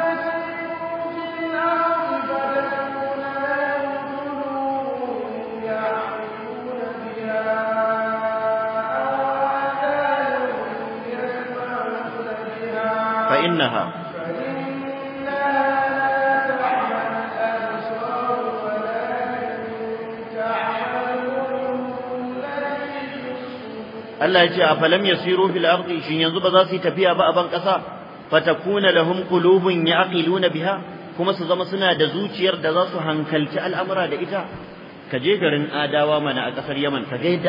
فإنها Allah ya ce a
falam yasiru fil ardi shin yanzu ba za su yi tafiya ba a ban kasa fatakuna lahum qulubun yaqiluna biha kuma su zama suna da zuciyar da za su hankalci al'amura da ita ka je garin adawa mana a ka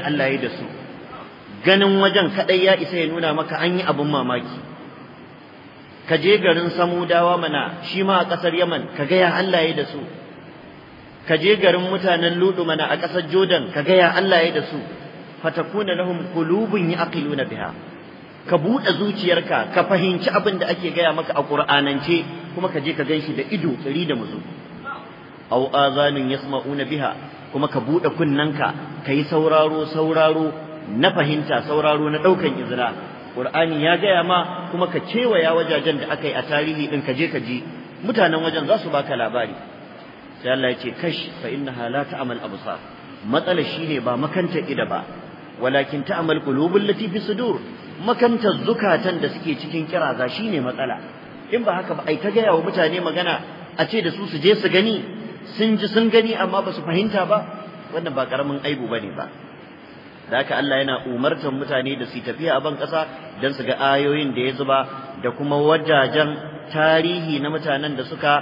Allah ya da su ganin wajen kaɗai ya isa ya nuna maka an yi abin mamaki ka je garin samudawa mana shi ma a kasar yaman ka gaya Allah ya da su ka je garin mutanen ludu mana a kasar jordan ka gaya Allah ya da su fatakuna lahum qulubun yaqiluna biha ka buɗe zuciyarka ka fahimci abin da ake gaya maka a ƙur'anance kuma ka je ka gan shi da ido tsari da muzu aw azanin yasma'una biha kuma ka buɗe kunnanka ka yi sauraro sauraro na fahimta sauraro na ɗaukan izra ƙur'ani ya gaya ma kuma ka cewa ya wajajen da aka yi a tarihi ɗin ka je ka ji mutanen wajen za su baka labari sai Allah ya ce kash fa innaha la ta'mal absar matsalar shine ba makanta ida ba walakin ta'mal qulubul lati fi sudur makantar zukatan da suke cikin kira kiraza ne matsala in ba haka ba ai ta gaya wa mutane magana a ce da su su je su gani sun ji sun gani amma ba su fahimta ba wannan ba karamin aibu bane ba da haka Allah yana umartar mutane da su tafiya a ban ƙasa don su ga ayoyin da ya zuba da kuma wajajen tarihi na mutanen da suka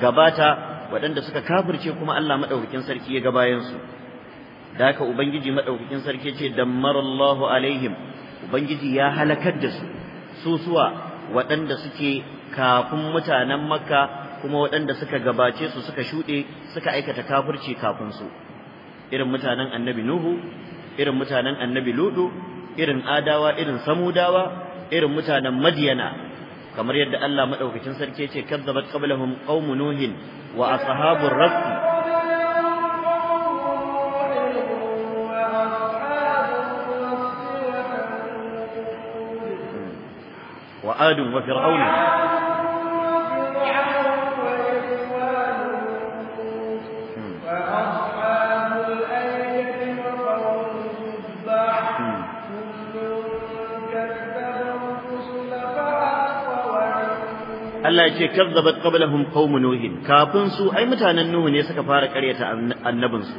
gabata waɗanda suka kafirce kuma Allah maɗaukakin sarki ya ga bayansu da haka ubangiji maɗaukakin sarki ce dammarallahu alaihim ubangiji ya halakar da su su suwa waɗanda suke kafin mutanen makka kuma waɗanda suka gabace su suka shuɗe suka aikata kafirci kafin su irin mutanen annabi nuhu irin mutanen annabi ludu irin adawa irin samudawa irin mutanen madiyana kamar yadda Allah maɗaukacin sarki ya ce kazzabat qablahum qaumu nuhin wa ashabur rafsi وعاد وفرعون Allah ya ce kazzabat qablahum qaumun nuhin kafin su ai mutanen nuhu ne suka fara karyata annabin su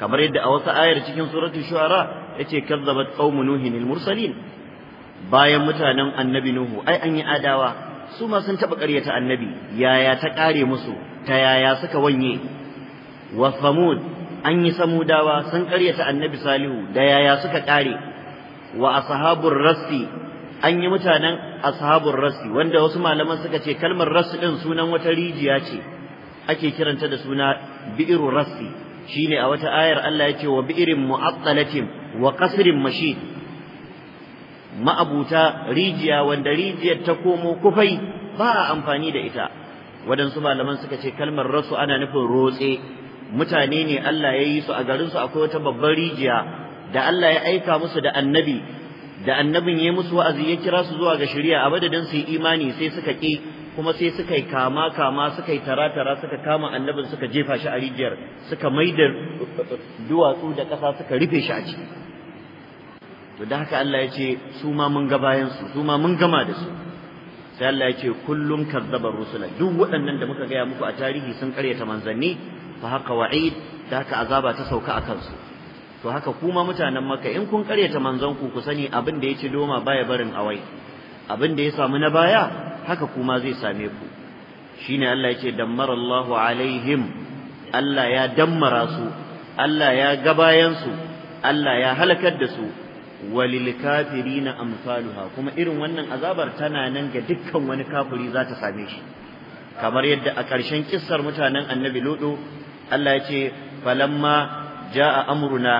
kamar yadda a wasu ayar cikin suratul shu'ara yace kazzabat qaumun nuhin al mursalin bayan mutanen annabi Nuhu ai an yi adawa su ma sun taɓa ƙaryata annabi yaya ta ƙare musu ta yaya suka wanye wa famud an yi samudawa sun ƙaryata annabi salihu da yaya suka ƙare wa ashabur rassi an yi mutanen ashabur rassi wanda wasu malaman suka ce kalmar rassi din sunan wata rijiya ce ake kiranta da suna bi'iru rassi shine a wata ayar Allah ya ce wa bi'irin mu'attalatin wa qasrin mashid ma'abuta rijiya wanda rijiyar ta komo kufai ba a amfani da ita waɗansu malaman suka ce kalmar rasu ana nufin rotse mutane ne Allah ya yi su a garinsu akwai wata babbar rijiya da Allah ya aika musu da annabi da annabin ya musu wa'azi ya kira su zuwa ga shari'a a madadin su imani sai suka ki kuma sai suka yi kama kama suka yi tara tara suka kama annabin suka jefa shi a rijiyar suka maida duwatsu da ƙasa suka rufe shi a ciki to da haka Allah ya ce su ma mun ga bayan su su ma mun gama da su sai Allah ya ce kullum kazzabar rusula duk waɗannan da muka gaya muku a tarihi sun karyata manzanni fa haka wa'id da haka azaba ta sauka a kansu to haka kuma mutanen maka in kun karyata manzon ku ku sani abin da ya ci doma baya barin awai abin da ya samu na baya haka kuma zai same ku shine Allah ya ce dammarallahu alaihim Allah ya dammara su Allah ya ga bayan su Allah ya halakar da su walil kafirina amsaluha kuma irin wannan azabar tana nan ga dukkan wani kafiri za ta same shi kamar yadda a ƙarshen kissar mutanen annabi lodo Allah ya ce ja a amruna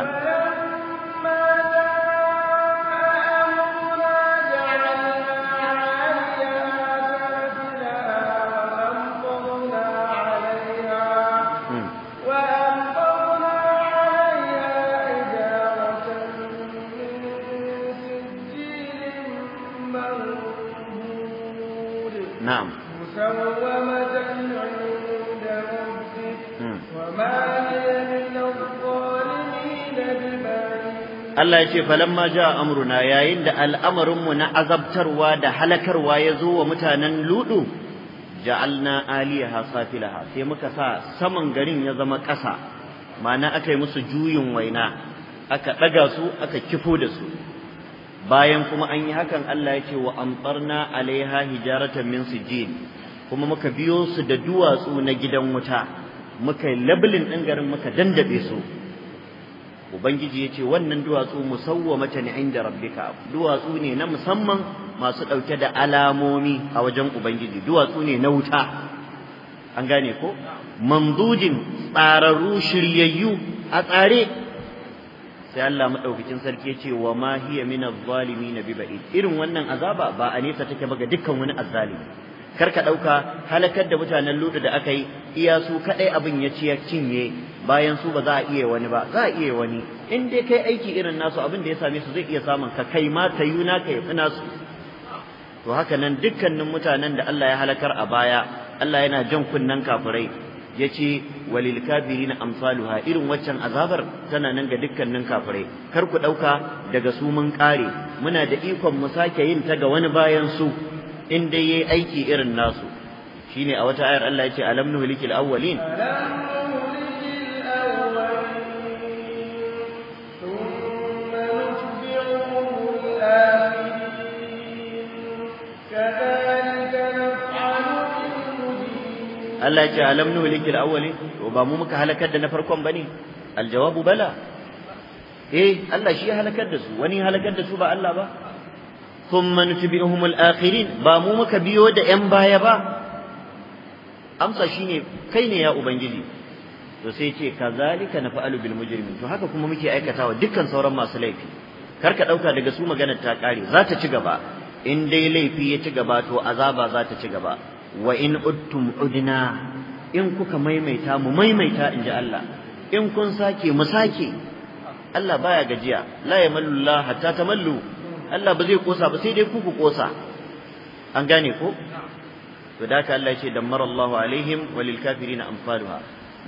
Allah ya ce falamma ja amruna yayin da al'amarin mu na azabtarwa da halakarwa ya zo wa mutanen ludu ja'alna aliha safilaha sai muka sa saman garin ya zama ƙasa ma'ana aka yi musu juyin waina aka ɗaga su aka kifo da su bayan kuma an yi hakan Allah ya ce wa amtarna alaiha hijaratan min sijil kuma muka biyo su da duwatsu na gidan wuta muka yi labulin ɗin garin muka dandabe su ubangiji ya ce wannan duwatsu musawwamatan inda rabbika duwatsu ne na musamman masu ɗauke da alamomi a wajen ubangiji duwatsu ne na wuta an gane ko mamdudin tsararru shiryayyu a tsare sai Allah madaukakin sarki ya ce wa ma hiya min na zalimin bi ba'id irin wannan azaba ba a nesa take ba ga dukkan wani azzalimi kar ka ɗauka halakar da mutanen ludu da aka yi iya su kaɗai abin ya ci ya cinye bayan su ba za a iya wani ba za a iya wani in dai kai aiki irin nasu abin da ya same su zai iya samun ka kai ma ta yuna ka yafi su. to haka nan dukkanin mutanen da Allah ya halakar a baya Allah yana jan kunnen kafirai yace walil kafirina amsaluha irin waccan azabar tana nan ga dukkanin kafirai kar ku ɗauka daga su mun kare. muna da ikon mu sake yin ta ga wani bayan su in dai yayi aiki irin nasu shine a wata ayar Allah ya ce alam nuhlikil awwalin
Allah ya ce alam nuhlikil
awwalin to ba mu muka halakar da na farkon bane aljawabu bala eh Allah shi ya halakar da su wani halakar da su ba Allah ba thumma nutbi'uhum al-akhirin ba mu muka biyo da yan baya ba amsa shine kai ne ya ubangiji to sai ce kazalika nafa'alu bil mujrimin to haka kuma muke aikatawa dukkan sauran masu laifi kar ka dauka daga su maganar ta kare za ta ci gaba in dai laifi ya ci gaba to azaba za ta ci gaba wa in uttum udna in kuka maimaita mu maimaita inji Allah in kun sake mu sake Allah baya gajiya la yamallu Allah hatta tamallu Allah ba zai kosa ba sai dai ku ku kosa an gane ko to da haka Allah ya ce dammara Allahu alaihim walil kafirin amsaluha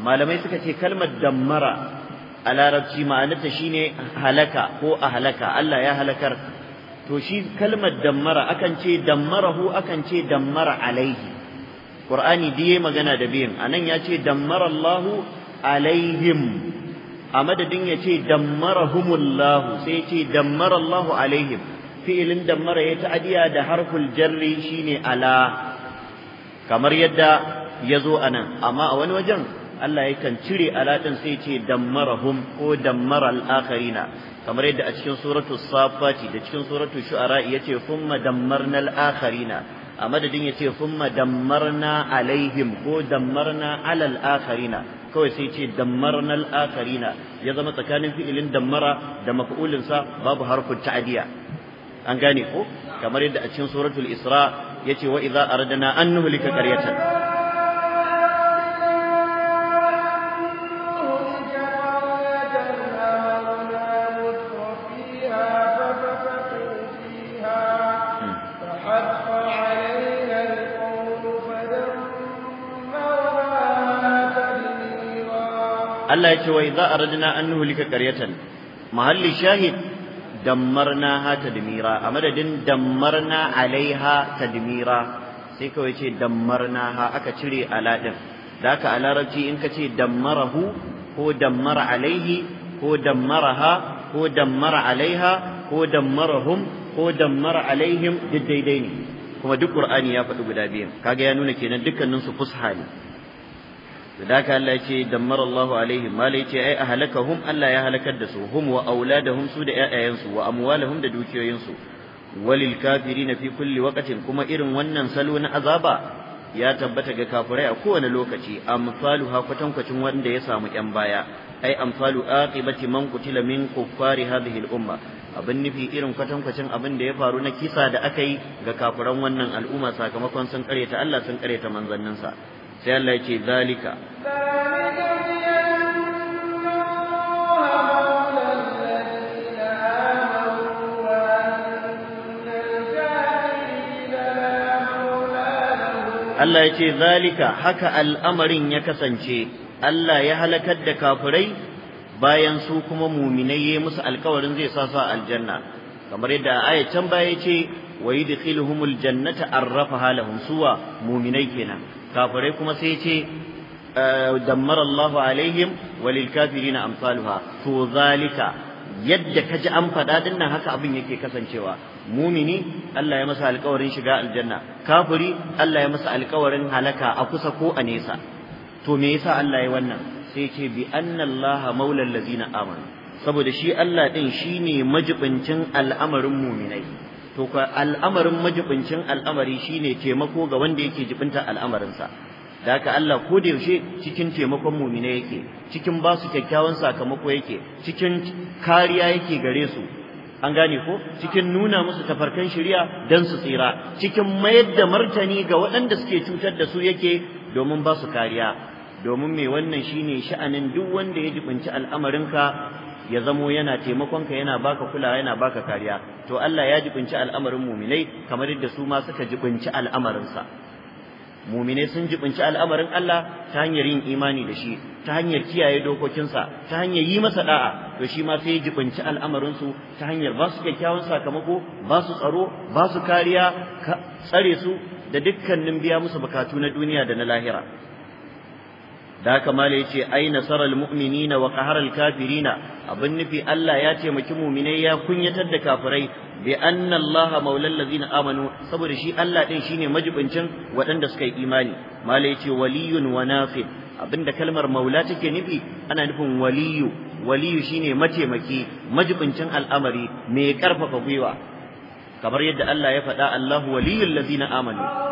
malamai suka ce kalmar dammara a larabci ma'anarta shine halaka ko a halaka Allah ya halakar to shi kalmar dammara akan ce dammarahu akan ce dammara alaihi Qur'ani diye magana da biyan anan ya ce dammara Allahu alaihim a madadin ya ce dammarahumullahu sai ce dammara dammarallahu alaihim fi'ilin dammara ya ta'adiya da harful jarri shine ala kamar yadda ya zo a nan amma a wani wajen Allah yakan cire ala ɗin sai ce hum ko dammara al'akharina kamar yadda a cikin suratu safati da cikin suratu shu'ara ya ce thumma dammarna al'akharina a madadin ya ce thumma dammarna alaihim ko dammarna alal akharina kawai sai ce dammarna al ya zama tsakanin fi'ilin dammara da maf'ulin sa babu harfin ta'diya an gane ko kamar yadda a cikin suratul isra yace wa idza aradna an nuhlika qaryatan Allah ya ce wai za a aradna an nuhlika karyatan mahalli shahid dammarna ha tadmira a madadin dammarna alaiha tadmira sai kawai ce dammarna ha aka cire ala din da haka a larabci in ka ce dammarahu ko dammara alaihi ko ha ko dammara alaiha ko dammarahum ko dammara alaihim duk daidai ne kuma duk qur'ani ya faɗi guda biyan kaga ya nuna kenan dukkanin su fusha ne da Allah ce dammar Allahu alaihim ma ai a hum Allah ya halakar da su hum wa auladahum su da su wa amwalahum da dukiyoyin su walil kafirina fi kulli waqtin kuma irin wannan salo na azaba ya tabbata ga kafirai a kowane lokaci amsalu ha kwatankwacin wanda ya samu ƴan baya ai amsalu aqibati man qutila min kuffari hadhihi al-umma abin nufi irin kwatankwacin abin da ya faru na kisa da aka yi ga kafiran wannan al'umma sakamakon sun karyata Allah sun karyata manzanninsa sai Allah ya
zalika Allah ya ce
zalika haka al'amarin ya kasance Allah ya halakar da kafirai bayan su kuma muminai ya musu alkawarin zai sa sa aljanna kamar yadda aya can baya ce wa yudkhiluhumul jannata arrafa halahum suwa muminai kenan kafirai kuma sai ce eh, dammar Allahu alaihim walil na amsaluha to zalika yadda ka ji an faɗa nan haka abin yake kasancewa mumini Allah ya masa alƙawarin shiga aljanna kafiri Allah ya masa alƙawarin halaka a kusa ko a nesa to me yasa Allah ya wannan sai ce bi anna Allah maula allazina amanu saboda shi Allah din shine majibincin al'amarin muminai to al'amarin majibincin al'amari shine taimako ga wanda yake jibinta al'amarinsa da haka Allah ko da yaushe cikin taimakon mumina yake cikin ba su kyakkyawan sakamako yake cikin kariya yake gare su an gane ko cikin nuna musu tafarkan shari'a dan su tsira cikin mayar da martani ga waɗanda suke cutar da su yake domin ba su kariya domin me wannan shine sha'anin duk wanda ya jibinci al'amarinka ya zamo yana taimakonka yana baka kulawa yana baka kariya to Allah ya jibinci al'amarin muminai kamar yadda su ma suka jibinci al'amarinsa muminai sun jibinci al'amarin Allah ta hanyar yin imani da shi ta hanyar kiyaye dokokinsa ta hanyar yi masa da'a to shi ma sai ya jibinci al'amarinsu ta hanyar ba su kyakkyawan sakamako ba su tsaro ba su kariya tsare su da dukkanin biya musu bukatu na duniya da na lahira da haka ya yace ai nasaral mu'minina wa qaharal kafirina abin nufi Allah ya taimaki mu'minai ya kunyatar da kafirai bi anna Allah maulal ladzina amanu saboda shi Allah din shine majibincin waɗanda suka yi imani mala yace waliyun wa nafi abinda kalmar maula take nufi ana nufin waliyu waliyu shine mataimaki majibincin al'amari mai karfafa gwiwa kamar yadda Allah ya faɗa Allahu waliyul lazina amanu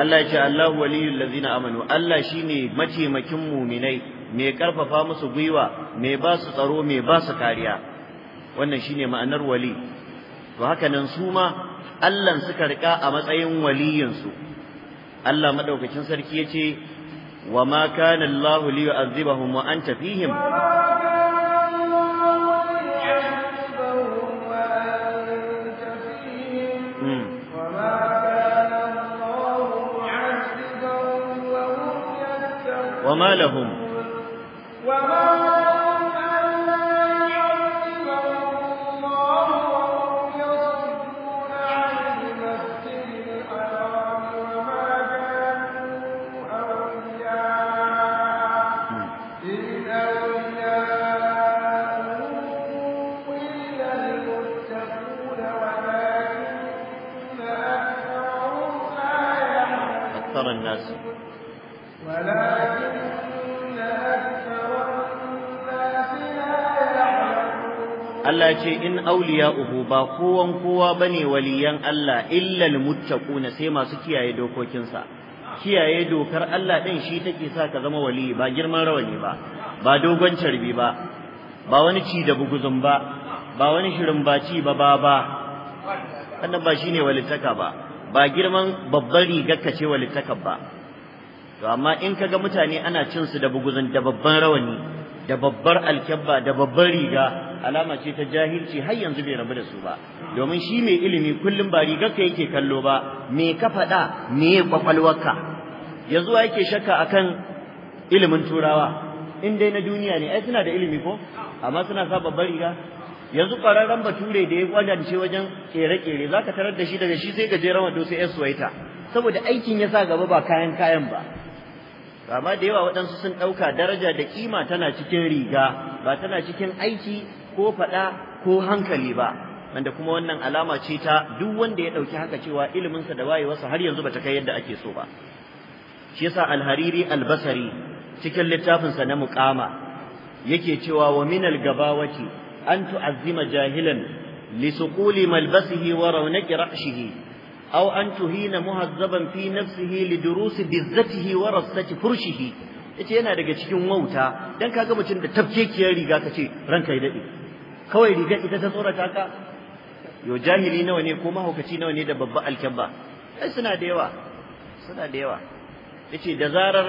Allah ya ce Allahu waliyul ladzina amanu Allah shine mataimakin muminai mai karfafa musu gwiwa mai ba su tsaro mai ba su kariya wannan shine ma'anar wali to haka nan su ma Allah suka rika a matsayin waliyin su Allah madaukakin sarki yace wa ma kana Allah liyu'azzibahum wa anta fihim
أموالهم ya ce in
auliya uhu ba kowan kowa bane waliyan Allah illal muttaquna sai masu kiyaye dokokinsa kiyaye dokar Allah din shi take sa ka zama wali ba girman rawani ba
ba dogon carbi
ba ba wani ci da buguzun ba ba wani shirin ba ci ba ba ba wannan ba shine walittaka ba ba girman babbar rigar ka ce walittaka ba to amma in kaga mutane ana cin su da buguzun da babban rawani da babbar alkyabba da babbar riga alama ce ta jahilci har yanzu bai rabu da su ba domin shi mai ilimi kullum ba rigarka yake kallo ba me ka faɗa me kwakwalwarka yanzu yake shakka akan ilimin turawa in dai na duniya ne ai suna da ilimi ko amma suna sa babbar riga yanzu ƙwararren bature da ya kwadance wajen kere-kere za ka tarar da shi daga shi sai gajeren wando sai yan suwaita saboda aikin ya sa gaba ba kayan kayan ba amma da yawa waɗansu sun ɗauka daraja da kima tana cikin riga ba tana cikin aiki ko faɗa ko hankali ba wanda kuma wannan alama ce ta duk wanda ya ɗauki haka cewa iliminsa da wayewarsa har yanzu bata kai yadda ake so ba shi yasa alhariri albasari cikin littafinsa na muƙama yake cewa wa minal gabawati an tu'azzima jahilan malbasihi لسقول ra'shihi aw an tuhina muhazzaban fi nafsihi li durusi bizzatihi wa rasati furshihi yace yana daga cikin wauta dan kaga mutum da tafkekiyar riga kace ranka ya dade kawai rigar ita ta tsorata ka yo jahili nawa ne ko mahaukaci nawa ne da babba alkyabba ai suna da yawa suna da yawa yace da zarar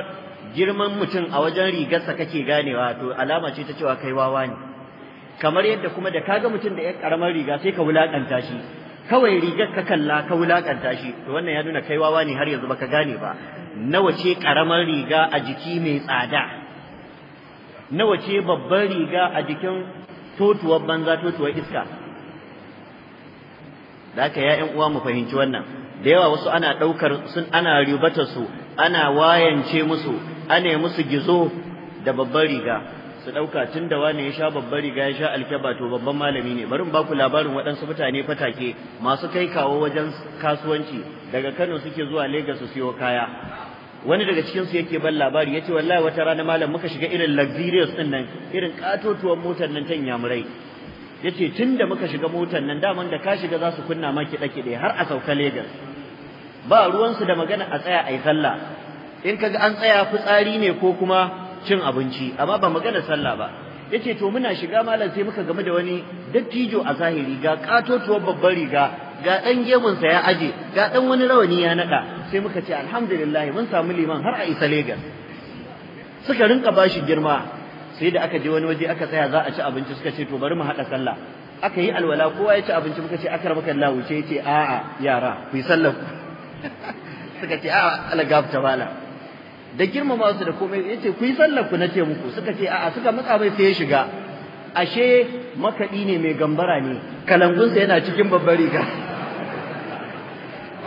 girman mutum a wajen rigarsa kake ganewa to alama ce ta cewa kai wawa ne kamar yadda kuma da kaga mutum da yar karamar riga sai ka wulakanta shi kawai rigar ka kalla ka wulakanta shi to wannan ya nuna kai wawa ne har yanzu baka gane ba nawa ce karamar riga a jiki mai tsada nawa ce babban riga a jikin totuwar banza totuwar iska da haka ya uwa mu fahimci wannan da yawa wasu ana ɗaukar sun ana ribata su ana wayance musu ana musu gizo da babbar riga su ɗauka tun da wani ya sha babbar riga ya sha alkyaba to babban malami ne bari baku labarin waɗansu mutane fatake masu kai kawo wajen kasuwanci daga kano suke zuwa Legas su siyo kaya wani daga cikin su yake ban labari yace wallahi wata rana malam muka shiga irin luxurious din nan irin katotuwan motar nan ta yamurai yace tunda muka shiga motar nan daman da ka shiga za su kunna ma kiɗe kiɗe har a sauka Lagos ba ruwan su da magana a tsaya ai sallah in kaga an tsaya fitsari ne ko kuma cin abinci amma ba magana sallah ba yace to muna shiga malam sai muka gamu da wani dattijo a zahiri ga katotuwan babbar riga ga ɗan gemunsa ya aje ga ɗan wani rawani ya naɗa sai muka ce alhamdulillah mun samu liman har a isa Legas suka rinka bashi girma sai da aka je wani waje aka tsaya za a ci abinci suka ce to bari mu haɗa sallah aka yi alwala kowa ya ci abinci muka ce akramaka Allah wuce ce a'a yara ku yi sallah suka ce a'a alagab tabala da girmama su da komai yace ku yi sallah ku nace muku suka ce a'a suka matsa mai sai ya shiga ashe makaɗi ne mai gambara ne kalangunsa yana cikin babbar riga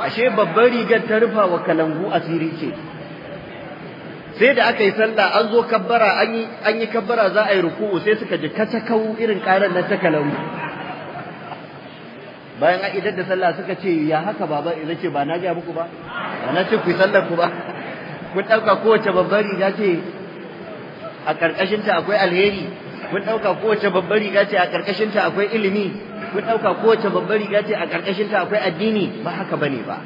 ashe babbar rigar ta rufa wa kalangu asiri ce sai da aka yi sallah an zo kabbara an yi kabbara za a yi ruku'u sai suka ji kawu irin karar na ta kalangu bayan an idar da sallah suka ce ya haka baba idan ce ba na gaya muku ba ba na ce ku yi sallar ku ba kun ɗauka kowace babbar riga ce a ƙarƙashinta akwai alheri kun ɗauka kowace babbar riga ce a ƙarƙashinta akwai ilimi kun ɗauka kowace babbar riga ce a ƙarƙashin ta akwai addini ba haka bane ba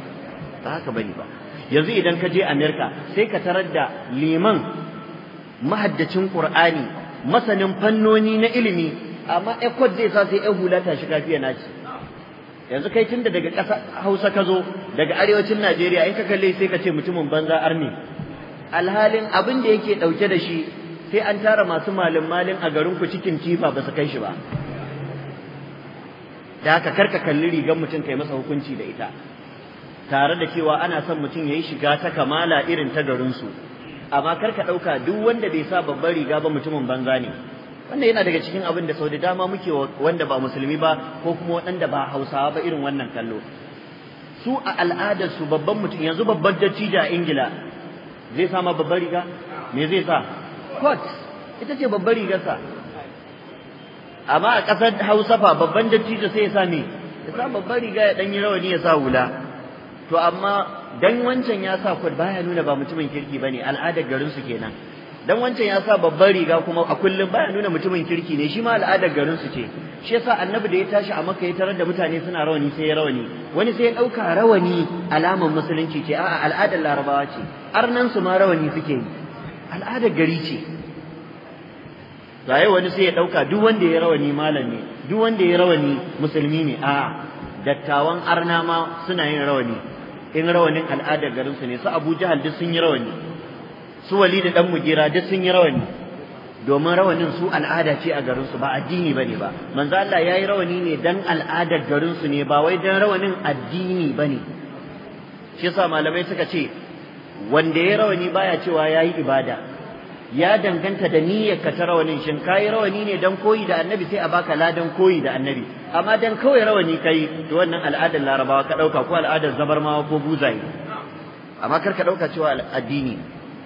ba haka bane ba yanzu idan ka je Amerika sai ka tarar da liman mahaddacin Qur'ani masanin fannoni na ilimi amma ekod zai sa sai 'yan hula ta shiga fiye naci yanzu kai tunda daga ƙasa Hausa ka zo daga arewacin Najeriya in ka kalle sai ka ce mutumin banza arni alhalin abin da yake ɗauke da shi sai an tara masu malin malin a garin ku cikin tifa ba su kai shi ba da haka karka kalli rigar mutum kai masa hukunci da ita tare da cewa ana son mutum ya yi shiga ta kamala irin ta garin su amma karka dauka duk wanda bai sa babbar riga ba mutumin banza ne wannan yana daga cikin abin da sau da dama muke wanda ba musulmi ba ko kuma waɗanda ba hausawa ba irin wannan kallo su a al'adarsu su babban mutum yanzu babban dattijo a ingila zai ma babbar riga me zai sa ita ce babbar rigarsa amma a ƙasar Hausa fa babban dattijo sai ya sa me ya sa babban riga ya ɗan yi rawani ya sa hula to amma dan wancan ya sa kwad baya nuna ba mutumin kirki ba ne al'adar garinsu ke kenan dan wancan ya sa babban riga kuma a kullum baya nuna mutumin kirki ne shi ma al'adar garinsu ce shi yasa annabi da ya tashi a makka ya tarar da mutane suna rawani sai ya rawani wani sai ya ɗauka rawani alamar musulunci ce a'a al'adar larabawa ce arnan su ma rawani suke yi al'adar gari ce zai wani sai ya dauka duk wanda ya rawani malami duk wanda ya rawani musulmi ne a dattawan arna ma suna yin rawani in rawanin al'adar garin su ne su Abu Jahal duk sun yi rawani su Walid dan Mugira duk sun yi rawani domin rawanin su al'ada ce a garin ba addini bane ba manzo Allah yayi rawani ne dan al'adar garin ne ba wai dan rawanin addini bane shi yasa malamai suka ce wanda ya rawani baya cewa yayi ibada ya danganta da niyyar ka ta rawanin shin kayi rawani ne dan koyi da annabi sai a baka ladan koyi da annabi amma dan kawai rawani kai to wannan al'adar larabawa ka ɗauka ko al'adar zabarmawa ko buzaye amma kar ka ɗauka cewa addini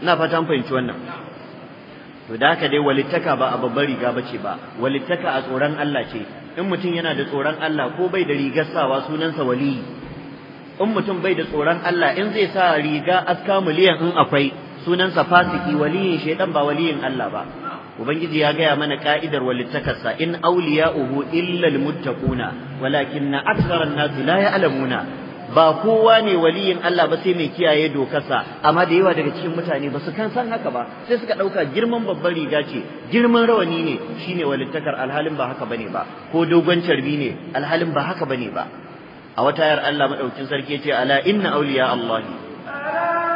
ina fata an fahimci wannan to da haka dai walittaka ba a babbar riga bace ba walittaka a tsoron Allah ce in mutum yana da tsoron Allah ko bai da rigar sawa sunansa waliyi in mutum bai da tsoron Allah in zai sa riga aska miliyan in akwai sunansa fasiki waliyin shaidan ba waliyin Allah ba ubangiji ya gaya mana ka'idar walittakarsa in awliya'uhu illa almuttaquna walakinna aktharan nas la ya'lamuna ba kowa ne waliyin Allah ba sai mai kiyaye dokarsa amma da yawa daga cikin mutane ba su kan san haka ba sai suka ɗauka girman babbar riga ce girman rawani ne shine walittakar alhalin ba haka bane ba ko dogon carbi ne alhalin ba haka bane ba a wata yar Allah madaukin sarki ce ala inna awliya Allah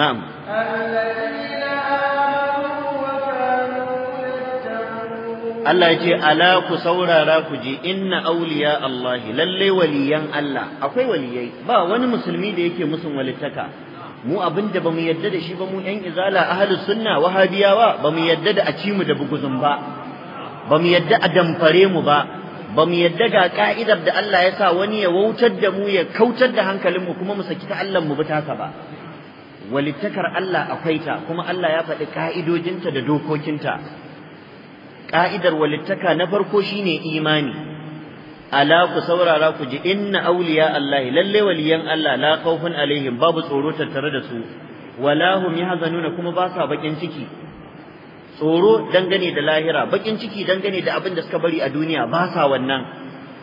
na'am Allah ya ce ala ku
saurara ku ji inna auliya Allah lalle waliyan Allah akwai waliyai ba wani musulmi da yake musun walittaka mu abin da bamu yadda da shi ba mu yan izala ahlu sunna wahabiyawa bamu yadda da a ci mu da buguzun ba bamu yadda a damfare mu ba bamu yadda ga ka'idar da Allah ya sa wani ya wautar da mu ya kautar da hankalin mu kuma mu saki ta Allah mu bi tasa ba walittakar Allah akwai ta kuma Allah ya faɗi ka'idojinta da dokokinta ƙa'idar walittaka na farko shine imani ala ku saurara ku ji inna auliya Allah lalle waliyan Allah la khawfun alaihim babu tsoro tattare da su wala hum yahzanuna kuma ba sa bakin ciki tsoro dangane da lahira bakin ciki dangane da abin da suka bari a duniya ba sa wannan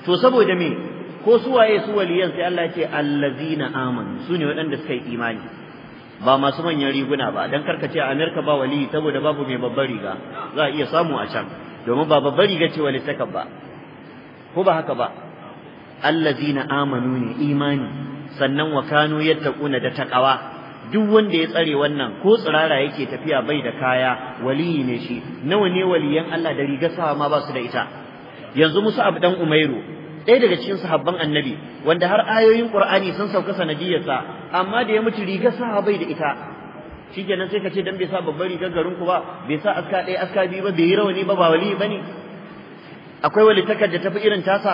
to saboda me ko su waye su waliyan sai Allah ya ce allazina amanu sune waɗanda suka yi imani ba masu manyan riguna ba dan karkace a narka ba wali saboda babu mai babbar riga za a iya samu a can domin ba babbar riga ce wali takan ba ko ba haka ba allazina amanu ne imani sannan wa kanu yattaquna da takawa duk wanda ya tsare wannan ko tsirara yake tafiya bai da kaya waliyi ne shi nawa ne waliyan Allah da rigar sawa ma ba su da ita yanzu Musa abdan Umairu ɗaya daga cikin sahabban annabi wanda har ayoyin qur'ani sun sauka sanadiyarsa amma da ya mutu rigar sahabai da ita shikenan sai ka ce dan bai sa babbar rigar garin ku ba bai sa aska ɗaya aska biyu ba bai yi rawani ba ba wali bane akwai walitakar da tafi irin tasa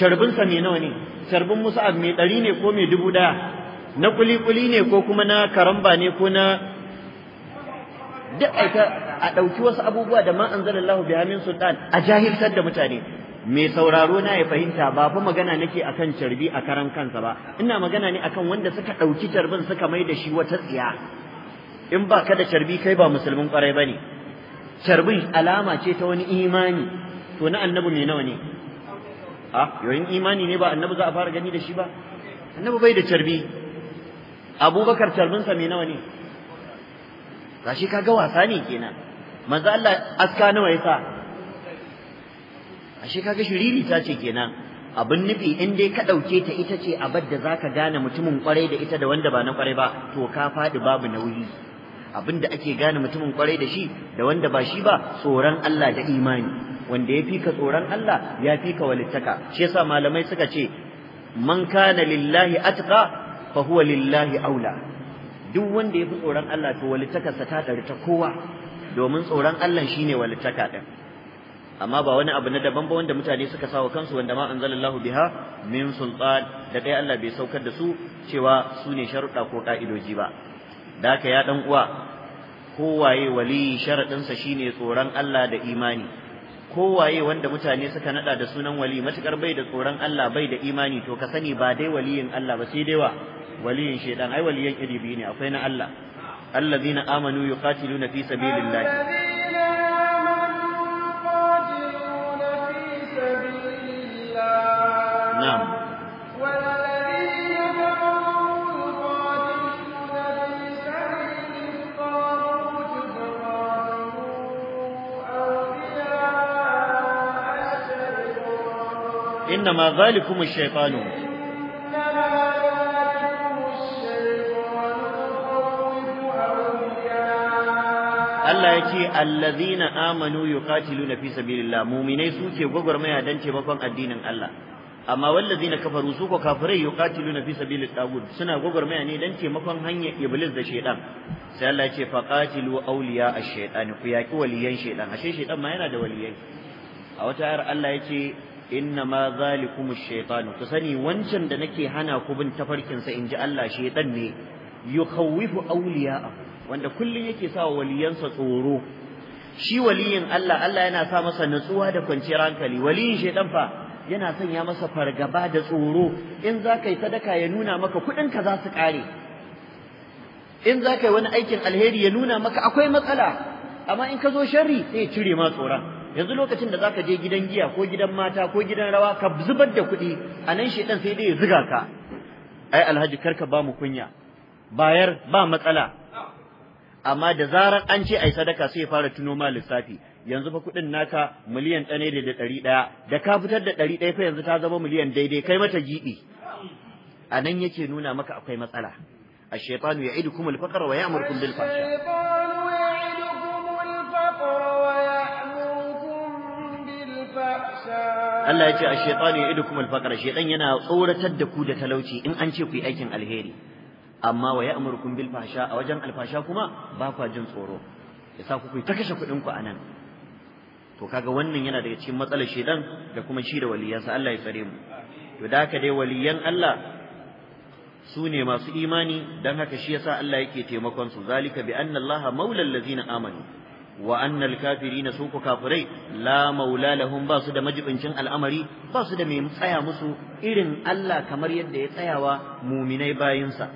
carbinsa mai nawa ne carbin musa'ab mai ɗari ne ko mai dubu ɗaya na kuli-kuli ne ko kuma na karamba ne ko na duk aika a ɗauki wasu abubuwa da ma lahu bihamin min sultan a jahiltar da mutane mai sauraro na ya fahimta ba fa magana nake akan carbi a karan kansa ba ina magana ne akan wanda suka ɗauki carbin suka mai da shi wata tsiya in ba ka da carbi kai ba musulmin ƙwarai ba ne carbin alama ce ta wani imani to na annabi mai nawa ne a ah, yoyin imani ne ba annabi za a fara gani da shi ba annabi bai da carbi abubakar carbinsa mai nawa ne gashi kaga wasa ne kenan manzo Allah aska nawa ya sa ashe kaga shiriri ta ce kenan abin nufi in dai ka ɗauke ta ita ce abar da ka gane mutumin kwarai da ita da wanda ba na kwarai ba to ka faɗi babu nauyi abin da ake gane mutumin kwarai da shi da wanda ba shi ba tsoron Allah da imani wanda ya fi ka tsoron Allah ya fi ka walittaka shi yasa malamai suka ce man kana lillahi atqa fa huwa lillahi aula duk wanda ya fi tsoron Allah to walittakarsa ta ɗari ta kowa domin tsoron Allah shine walittaka ɗin amma ba wani abu na daban ba wanda mutane suka sawa kansu wanda ma anzalallahu biha min sultan da dai Allah bai saukar da su cewa su ne sharuɗa ko ka'idoji ba da haka ya dan uwa kowaye wali sharaɗinsa shine tsoron Allah da imani kowaye wanda mutane suka naɗa da sunan wali matukar bai da tsoron Allah bai da imani to ka sani ba dai waliyin Allah ba sai dai wa waliyin shedan ai waliyan iri biyu ne akwai na Allah allazina amanu yuqatiluna fi sabilillahi نعم إنما ذلكم الشيطان Allah ya ce allazina amanu yuqatiluna fi sabilillah mu'minai suke gwagwarmaya dan taimakon addinin Allah amma wallazina kafaru su ko kafirai yuqatiluna fi sabilit tagut suna gwagwarmaya ne dan taimakon hanyar iblis da shaytan sai Allah ya ce faqatilu awliya ash-shaytan ku yaki waliyan shaytan ashe shaytan ma yana da waliyai a wata ayar Allah ya ce inna ma zalikum ash-shaytan ku sani wancan da nake hana ku bin tafarkin sa inji Allah shaytan ne yukhawifu awliya wanda kullun yake sa waliyansa tsoro shi waliyin Allah Allah yana sa masa natsuwa da kwanciyar hankali waliyin shaytan fa yana sanya masa fargaba da tsoro in za ka yi sadaka ya nuna maka kuɗinka za su kare. in za ka yi wani aikin alheri ya nuna maka akwai matsala amma in ka zo sharri sai cire ma tsoron yanzu lokacin da za ka je gidan giya ko gidan mata ko gidan rawa ka zubar da kuɗi a nan shaidan sai dai ya zuga ka ai alhaji karka ba mu kunya bayar ba matsala amma da zarar an ce ai sadaka sai ya fara tuno ma lissafi yanzu fa kuɗin naka miliyan ɗane da ɗari ɗaya da ka fitar da ɗari ɗaya fa yanzu ta zama miliyan daidai kai mata jibi a nan yake nuna maka akwai matsala الشيطان يعدكم الفقر ويأمركم بالفحشاء
الشيطان tsoratar الفقر ويأمركم بالفحشاء الله يجي الشيطان
ce الفقر الشيطان ينا صورة الدكودة تلوتي إن أنشي في أيكن الهيري أما ويأمركم بالفحشاء وجن الفحشاء كما باقوا جن صورو يساكو في تكشف إنكو anan. to kaga wannan yana daga cikin matsalar shedan da kuma shi da waliyansa Allah ya tsare mu to da haka dai waliyan Allah su ne masu imani dan haka shi yasa Allah yake taimakon su zalika bi anna Allah maula allazina amanu wa anna alkafirina su ku kafirai la maula lahum ba su da majibincin al'amari ba su da mai tsaya musu irin Allah kamar yadda ya tsayawa muminai bayinsa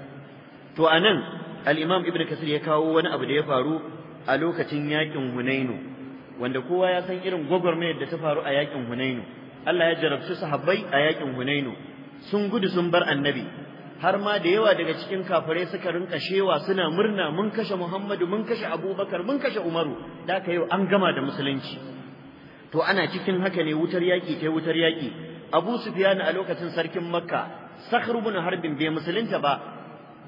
to anan al-imam ibnu kasir ya kawo wani abu da ya faru a lokacin yakin hunainu wanda kowa ya san irin gwagwarmayar da ta faru a yakin Hunainu Allah ya jarabci sahabbai a yakin Hunainu sun gudu sun bar annabi har ma da yawa daga cikin kafirai suka rinka shewa suna murna mun kashe Muhammadu mun kashe Abubakar mun kashe Umaru da aka yau an gama da musulunci to ana cikin haka ne wutar yaki kai wutar yaki Abu Sufyan a lokacin sarkin Makka Sakhr ibn Harbin bai musulunta ba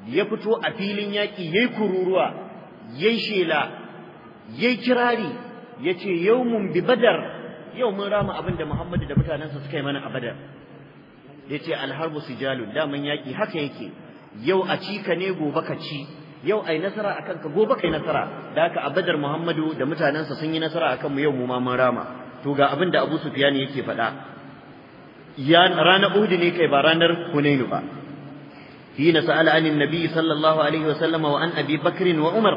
ya fito a filin yaki yayi kururuwa yayi shela
yayi kirari
yace yawmun bi badar yau mun rama abin da Muhammadu da mutanensa suka yi mana a badar yace alharbu sijalun daman yaki haka yake yau a ci ka ne gobe ka ci yau ai nasara akan ka gobe kai nasara da haka a badar Muhammadu da mutanensa sun yi nasara akan mu yau ma mun rama to ga abin da Abu Sufyan yake faɗa ya ranar uhudu ne kai ba ranar Hunainu ba hina sa'ala anin nabi sallallahu alaihi wa sallama wa an abi bakrin wa umar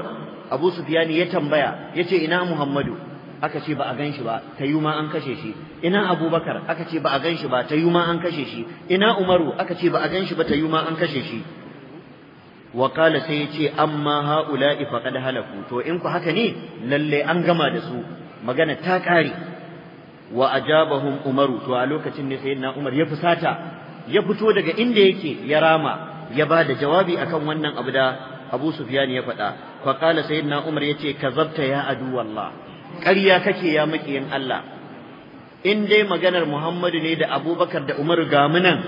abu Sufiyani ya tambaya yace ina muhammadu aka ce ba a gan shi ba ta yi ma an kashe shi ina abubakar aka ce ba a gan shi ba ta yi ma an kashe shi ina umaru aka ce ba a gan shi ba ta yi ma an kashe shi wa kala sai yace amma haula'i faqad halaku to in ku haka ne lalle an gama da su magana ta kare wa ajabahum umaru to a lokacin ne na umar ya fusata ya fito daga inda yake ya rama ya bada jawabi akan wannan abu da Abu Sufyan ya faɗa fa kala sayyidina Umar yace kazabta ya adu wallah ƙarya kake ya maƙiyin Allah in dai maganar Muhammadu ne da Abubakar da Umar gamunan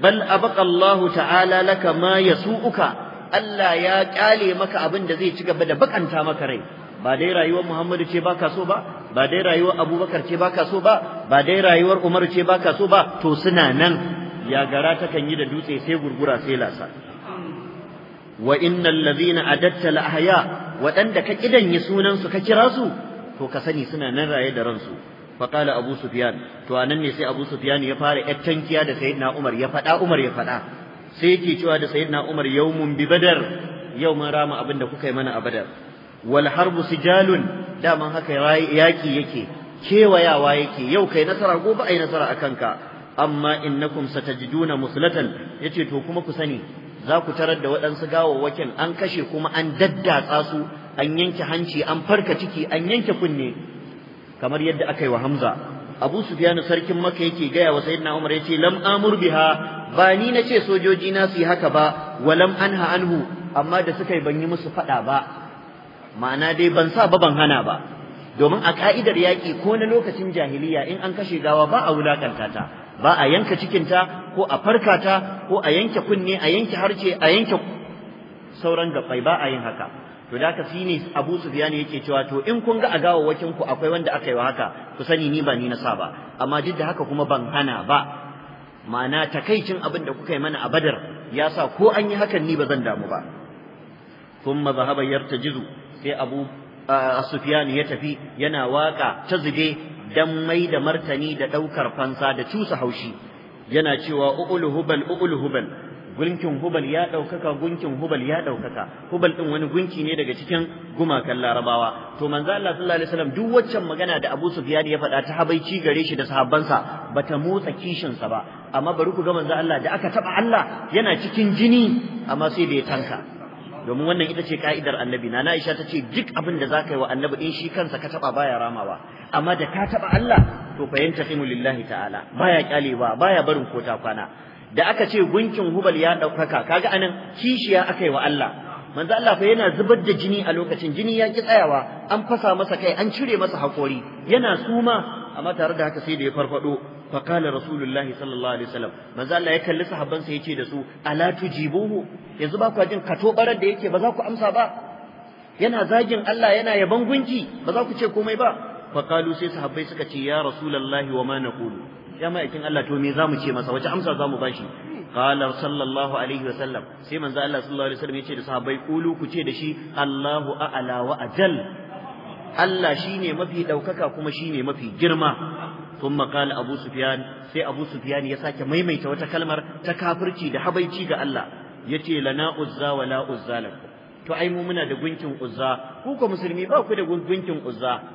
bal abaka Allah ta'ala laka ma ya yasu'uka Allah ya ƙyale maka abin da zai ci gaba da baƙanta maka rai ba dai rayuwar Muhammadu ce baka so ba ba dai rayuwar Abubakar ce baka so ba ba dai rayuwar Umar ce baka so ba to suna nan ya gara takan yi da dutse sai gurgura sai lasa wa innal ladhina adatta la wadanda ka kidan yi sunan su ka kira su to ka sani suna nan raye da ransu faqala abu sufyan to anan ne sai abu sufyan ya fara yattankiya da sayyidina umar ya faɗa umar ya faɗa sai yake cewa da sayyidina umar yawmun bi badar yau mun rama abin da kuka yi mana a badar wal harbu sijalun daman haka yaki yake kewayawa yake yau kai nasara gobe ai nasara akan ka amma innakum satajiduna muslatan yace to kuma ku sani za ku tarar da waɗansu gawawwakin an kashe kuma an daddatsa su an yanke hanci an farka ciki an yanke kunne kamar yadda aka yi wa Hamza Abu Sufyan sarkin maka yake gaya wa Sayyidina Umar ce, lam amur biha ba ni nace sojoji na su yi haka ba walam anha anhu amma da suka yi ban yi musu fada ba ma'ana dai ban sa ba ban hana ba domin a ka'idar yaƙi ko na lokacin jahiliya in an kashe gawa ba a wulakanta ta ba a yanka cikinta ko a farka ta ko a yanke kunne a yanke harce a yanke sauran gabai ba a yin haka to da haka shi Abu Sufyan yake cewa to in kun ga a wakin ku akwai wanda aka yi wa haka ku sani ni ba ni na sa ba amma duk da haka kuma ban hana ba ma'ana takaicin abin da kuka yi mana a Badar ya sa ko an yi hakan ni ba zan damu ba kuma zahaba yartajizu sai Abu Sufyan ya tafi yana waka ta zube dan mai da martani da daukar fansa da cusa haushi yana cewa u'ul hubal hubal gunkin hubal ya ɗaukaka gunkin hubal ya ɗaukaka hubal ɗin wani gunki ne daga cikin gumakan larabawa to manzo Allah sallallahu alaihi wasallam duk waccan magana da Abu Sufyan ya faɗa ta habaici gare shi da sahabbansa bata motsa kishin sa ba amma bari ku ga manzo Allah da aka taba Allah yana cikin jini amma sai da ya tanka domin wannan ita ce ka'idar annabi na Aisha ta ce duk abin da zaka yi wa annabi in shi kansa ka taba baya ramawa amma da ka taba Allah to fa yantaqimu lillahi ta'ala baya kyalewa baya barin kota kwana da aka ce gunkin hubal ya ɗaukaka kaga anan kishiya aka yi wa Allah manzo Allah fa yana zubar da jini a lokacin jini ya ki tsayawa an fasa masa kai an cire masa hakori yana suma amma tare da haka sai da ya farfado fa qala rasulullahi sallallahu alaihi wasallam manzo Allah ya kalli sahabban sa yace da su ala tujibuhu yanzu ba ku jin kato barar da yake ba za ku amsa ba yana zagin Allah yana yaban gunki ba za ku ce komai ba fa qalu sai sahabbai suka ce ya rasulullahi wa ma naqulu ya ma'aikin Allah to me za mu ce masa wace amsa za mu bashi qala sallallahu alaihi wasallam sai manzo Allah sallallahu alaihi wasallam ya ce da sahabbai kulu ku ce da shi Allahu a'ala wa ajal Allah shine mafi daukaka kuma shine mafi girma Abu ثم sai Abu سفيان ya sake maimaita wata kalmar وتكلمر تكافرتي ده حبيتي ده الله يتي لنا أزا ولا أزا لكم to ai mu muna da gunkin uzza ku ko musulmi ba ku da gunkin uzza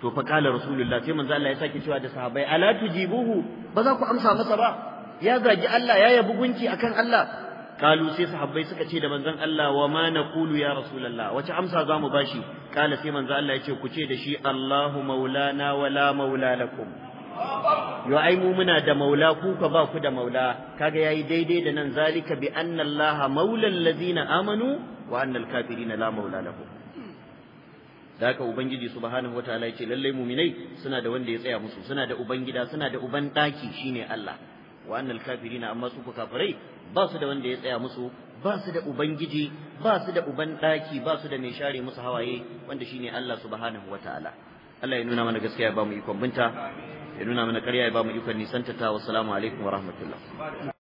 to fa qala rasulullah sai manzo Allah ya sake cewa da sahabbai ala tujibuhu ba za ku amsa masa ba ya zagi Allah ya yabi gunki akan Allah kalu sai sahabbai suka ce da manzon Allah wa ma naqulu ya rasulullah wace amsa za mu bashi kala sai manzo Allah ya ce ku ce da shi Allahu maulana wa la maula lakum yo ai mu muna da maula ku ka ba ku da maula kaga yayi daidai da nan zalika bi anna Allah maula allazina amanu wa anna al-kafirina la maula lahum da haka ubangiji subhanahu wataala ya ce lallai muminai suna da wanda ya tsaya musu suna da ubangida suna da uban daki shine Allah wa annal kafirina amma su ku kafirai ba su da wanda ya tsaya musu ba su da ubangiji ba su da uban daki ba su da mai share musu hawaye wanda shine Allah subhanahu wataala Allah ya nuna mana gaskiya ya ba mu ikon binta ya nuna mana ƙarya ya ba mu ikon nisanta wa salamu alaikum wa rahmatullah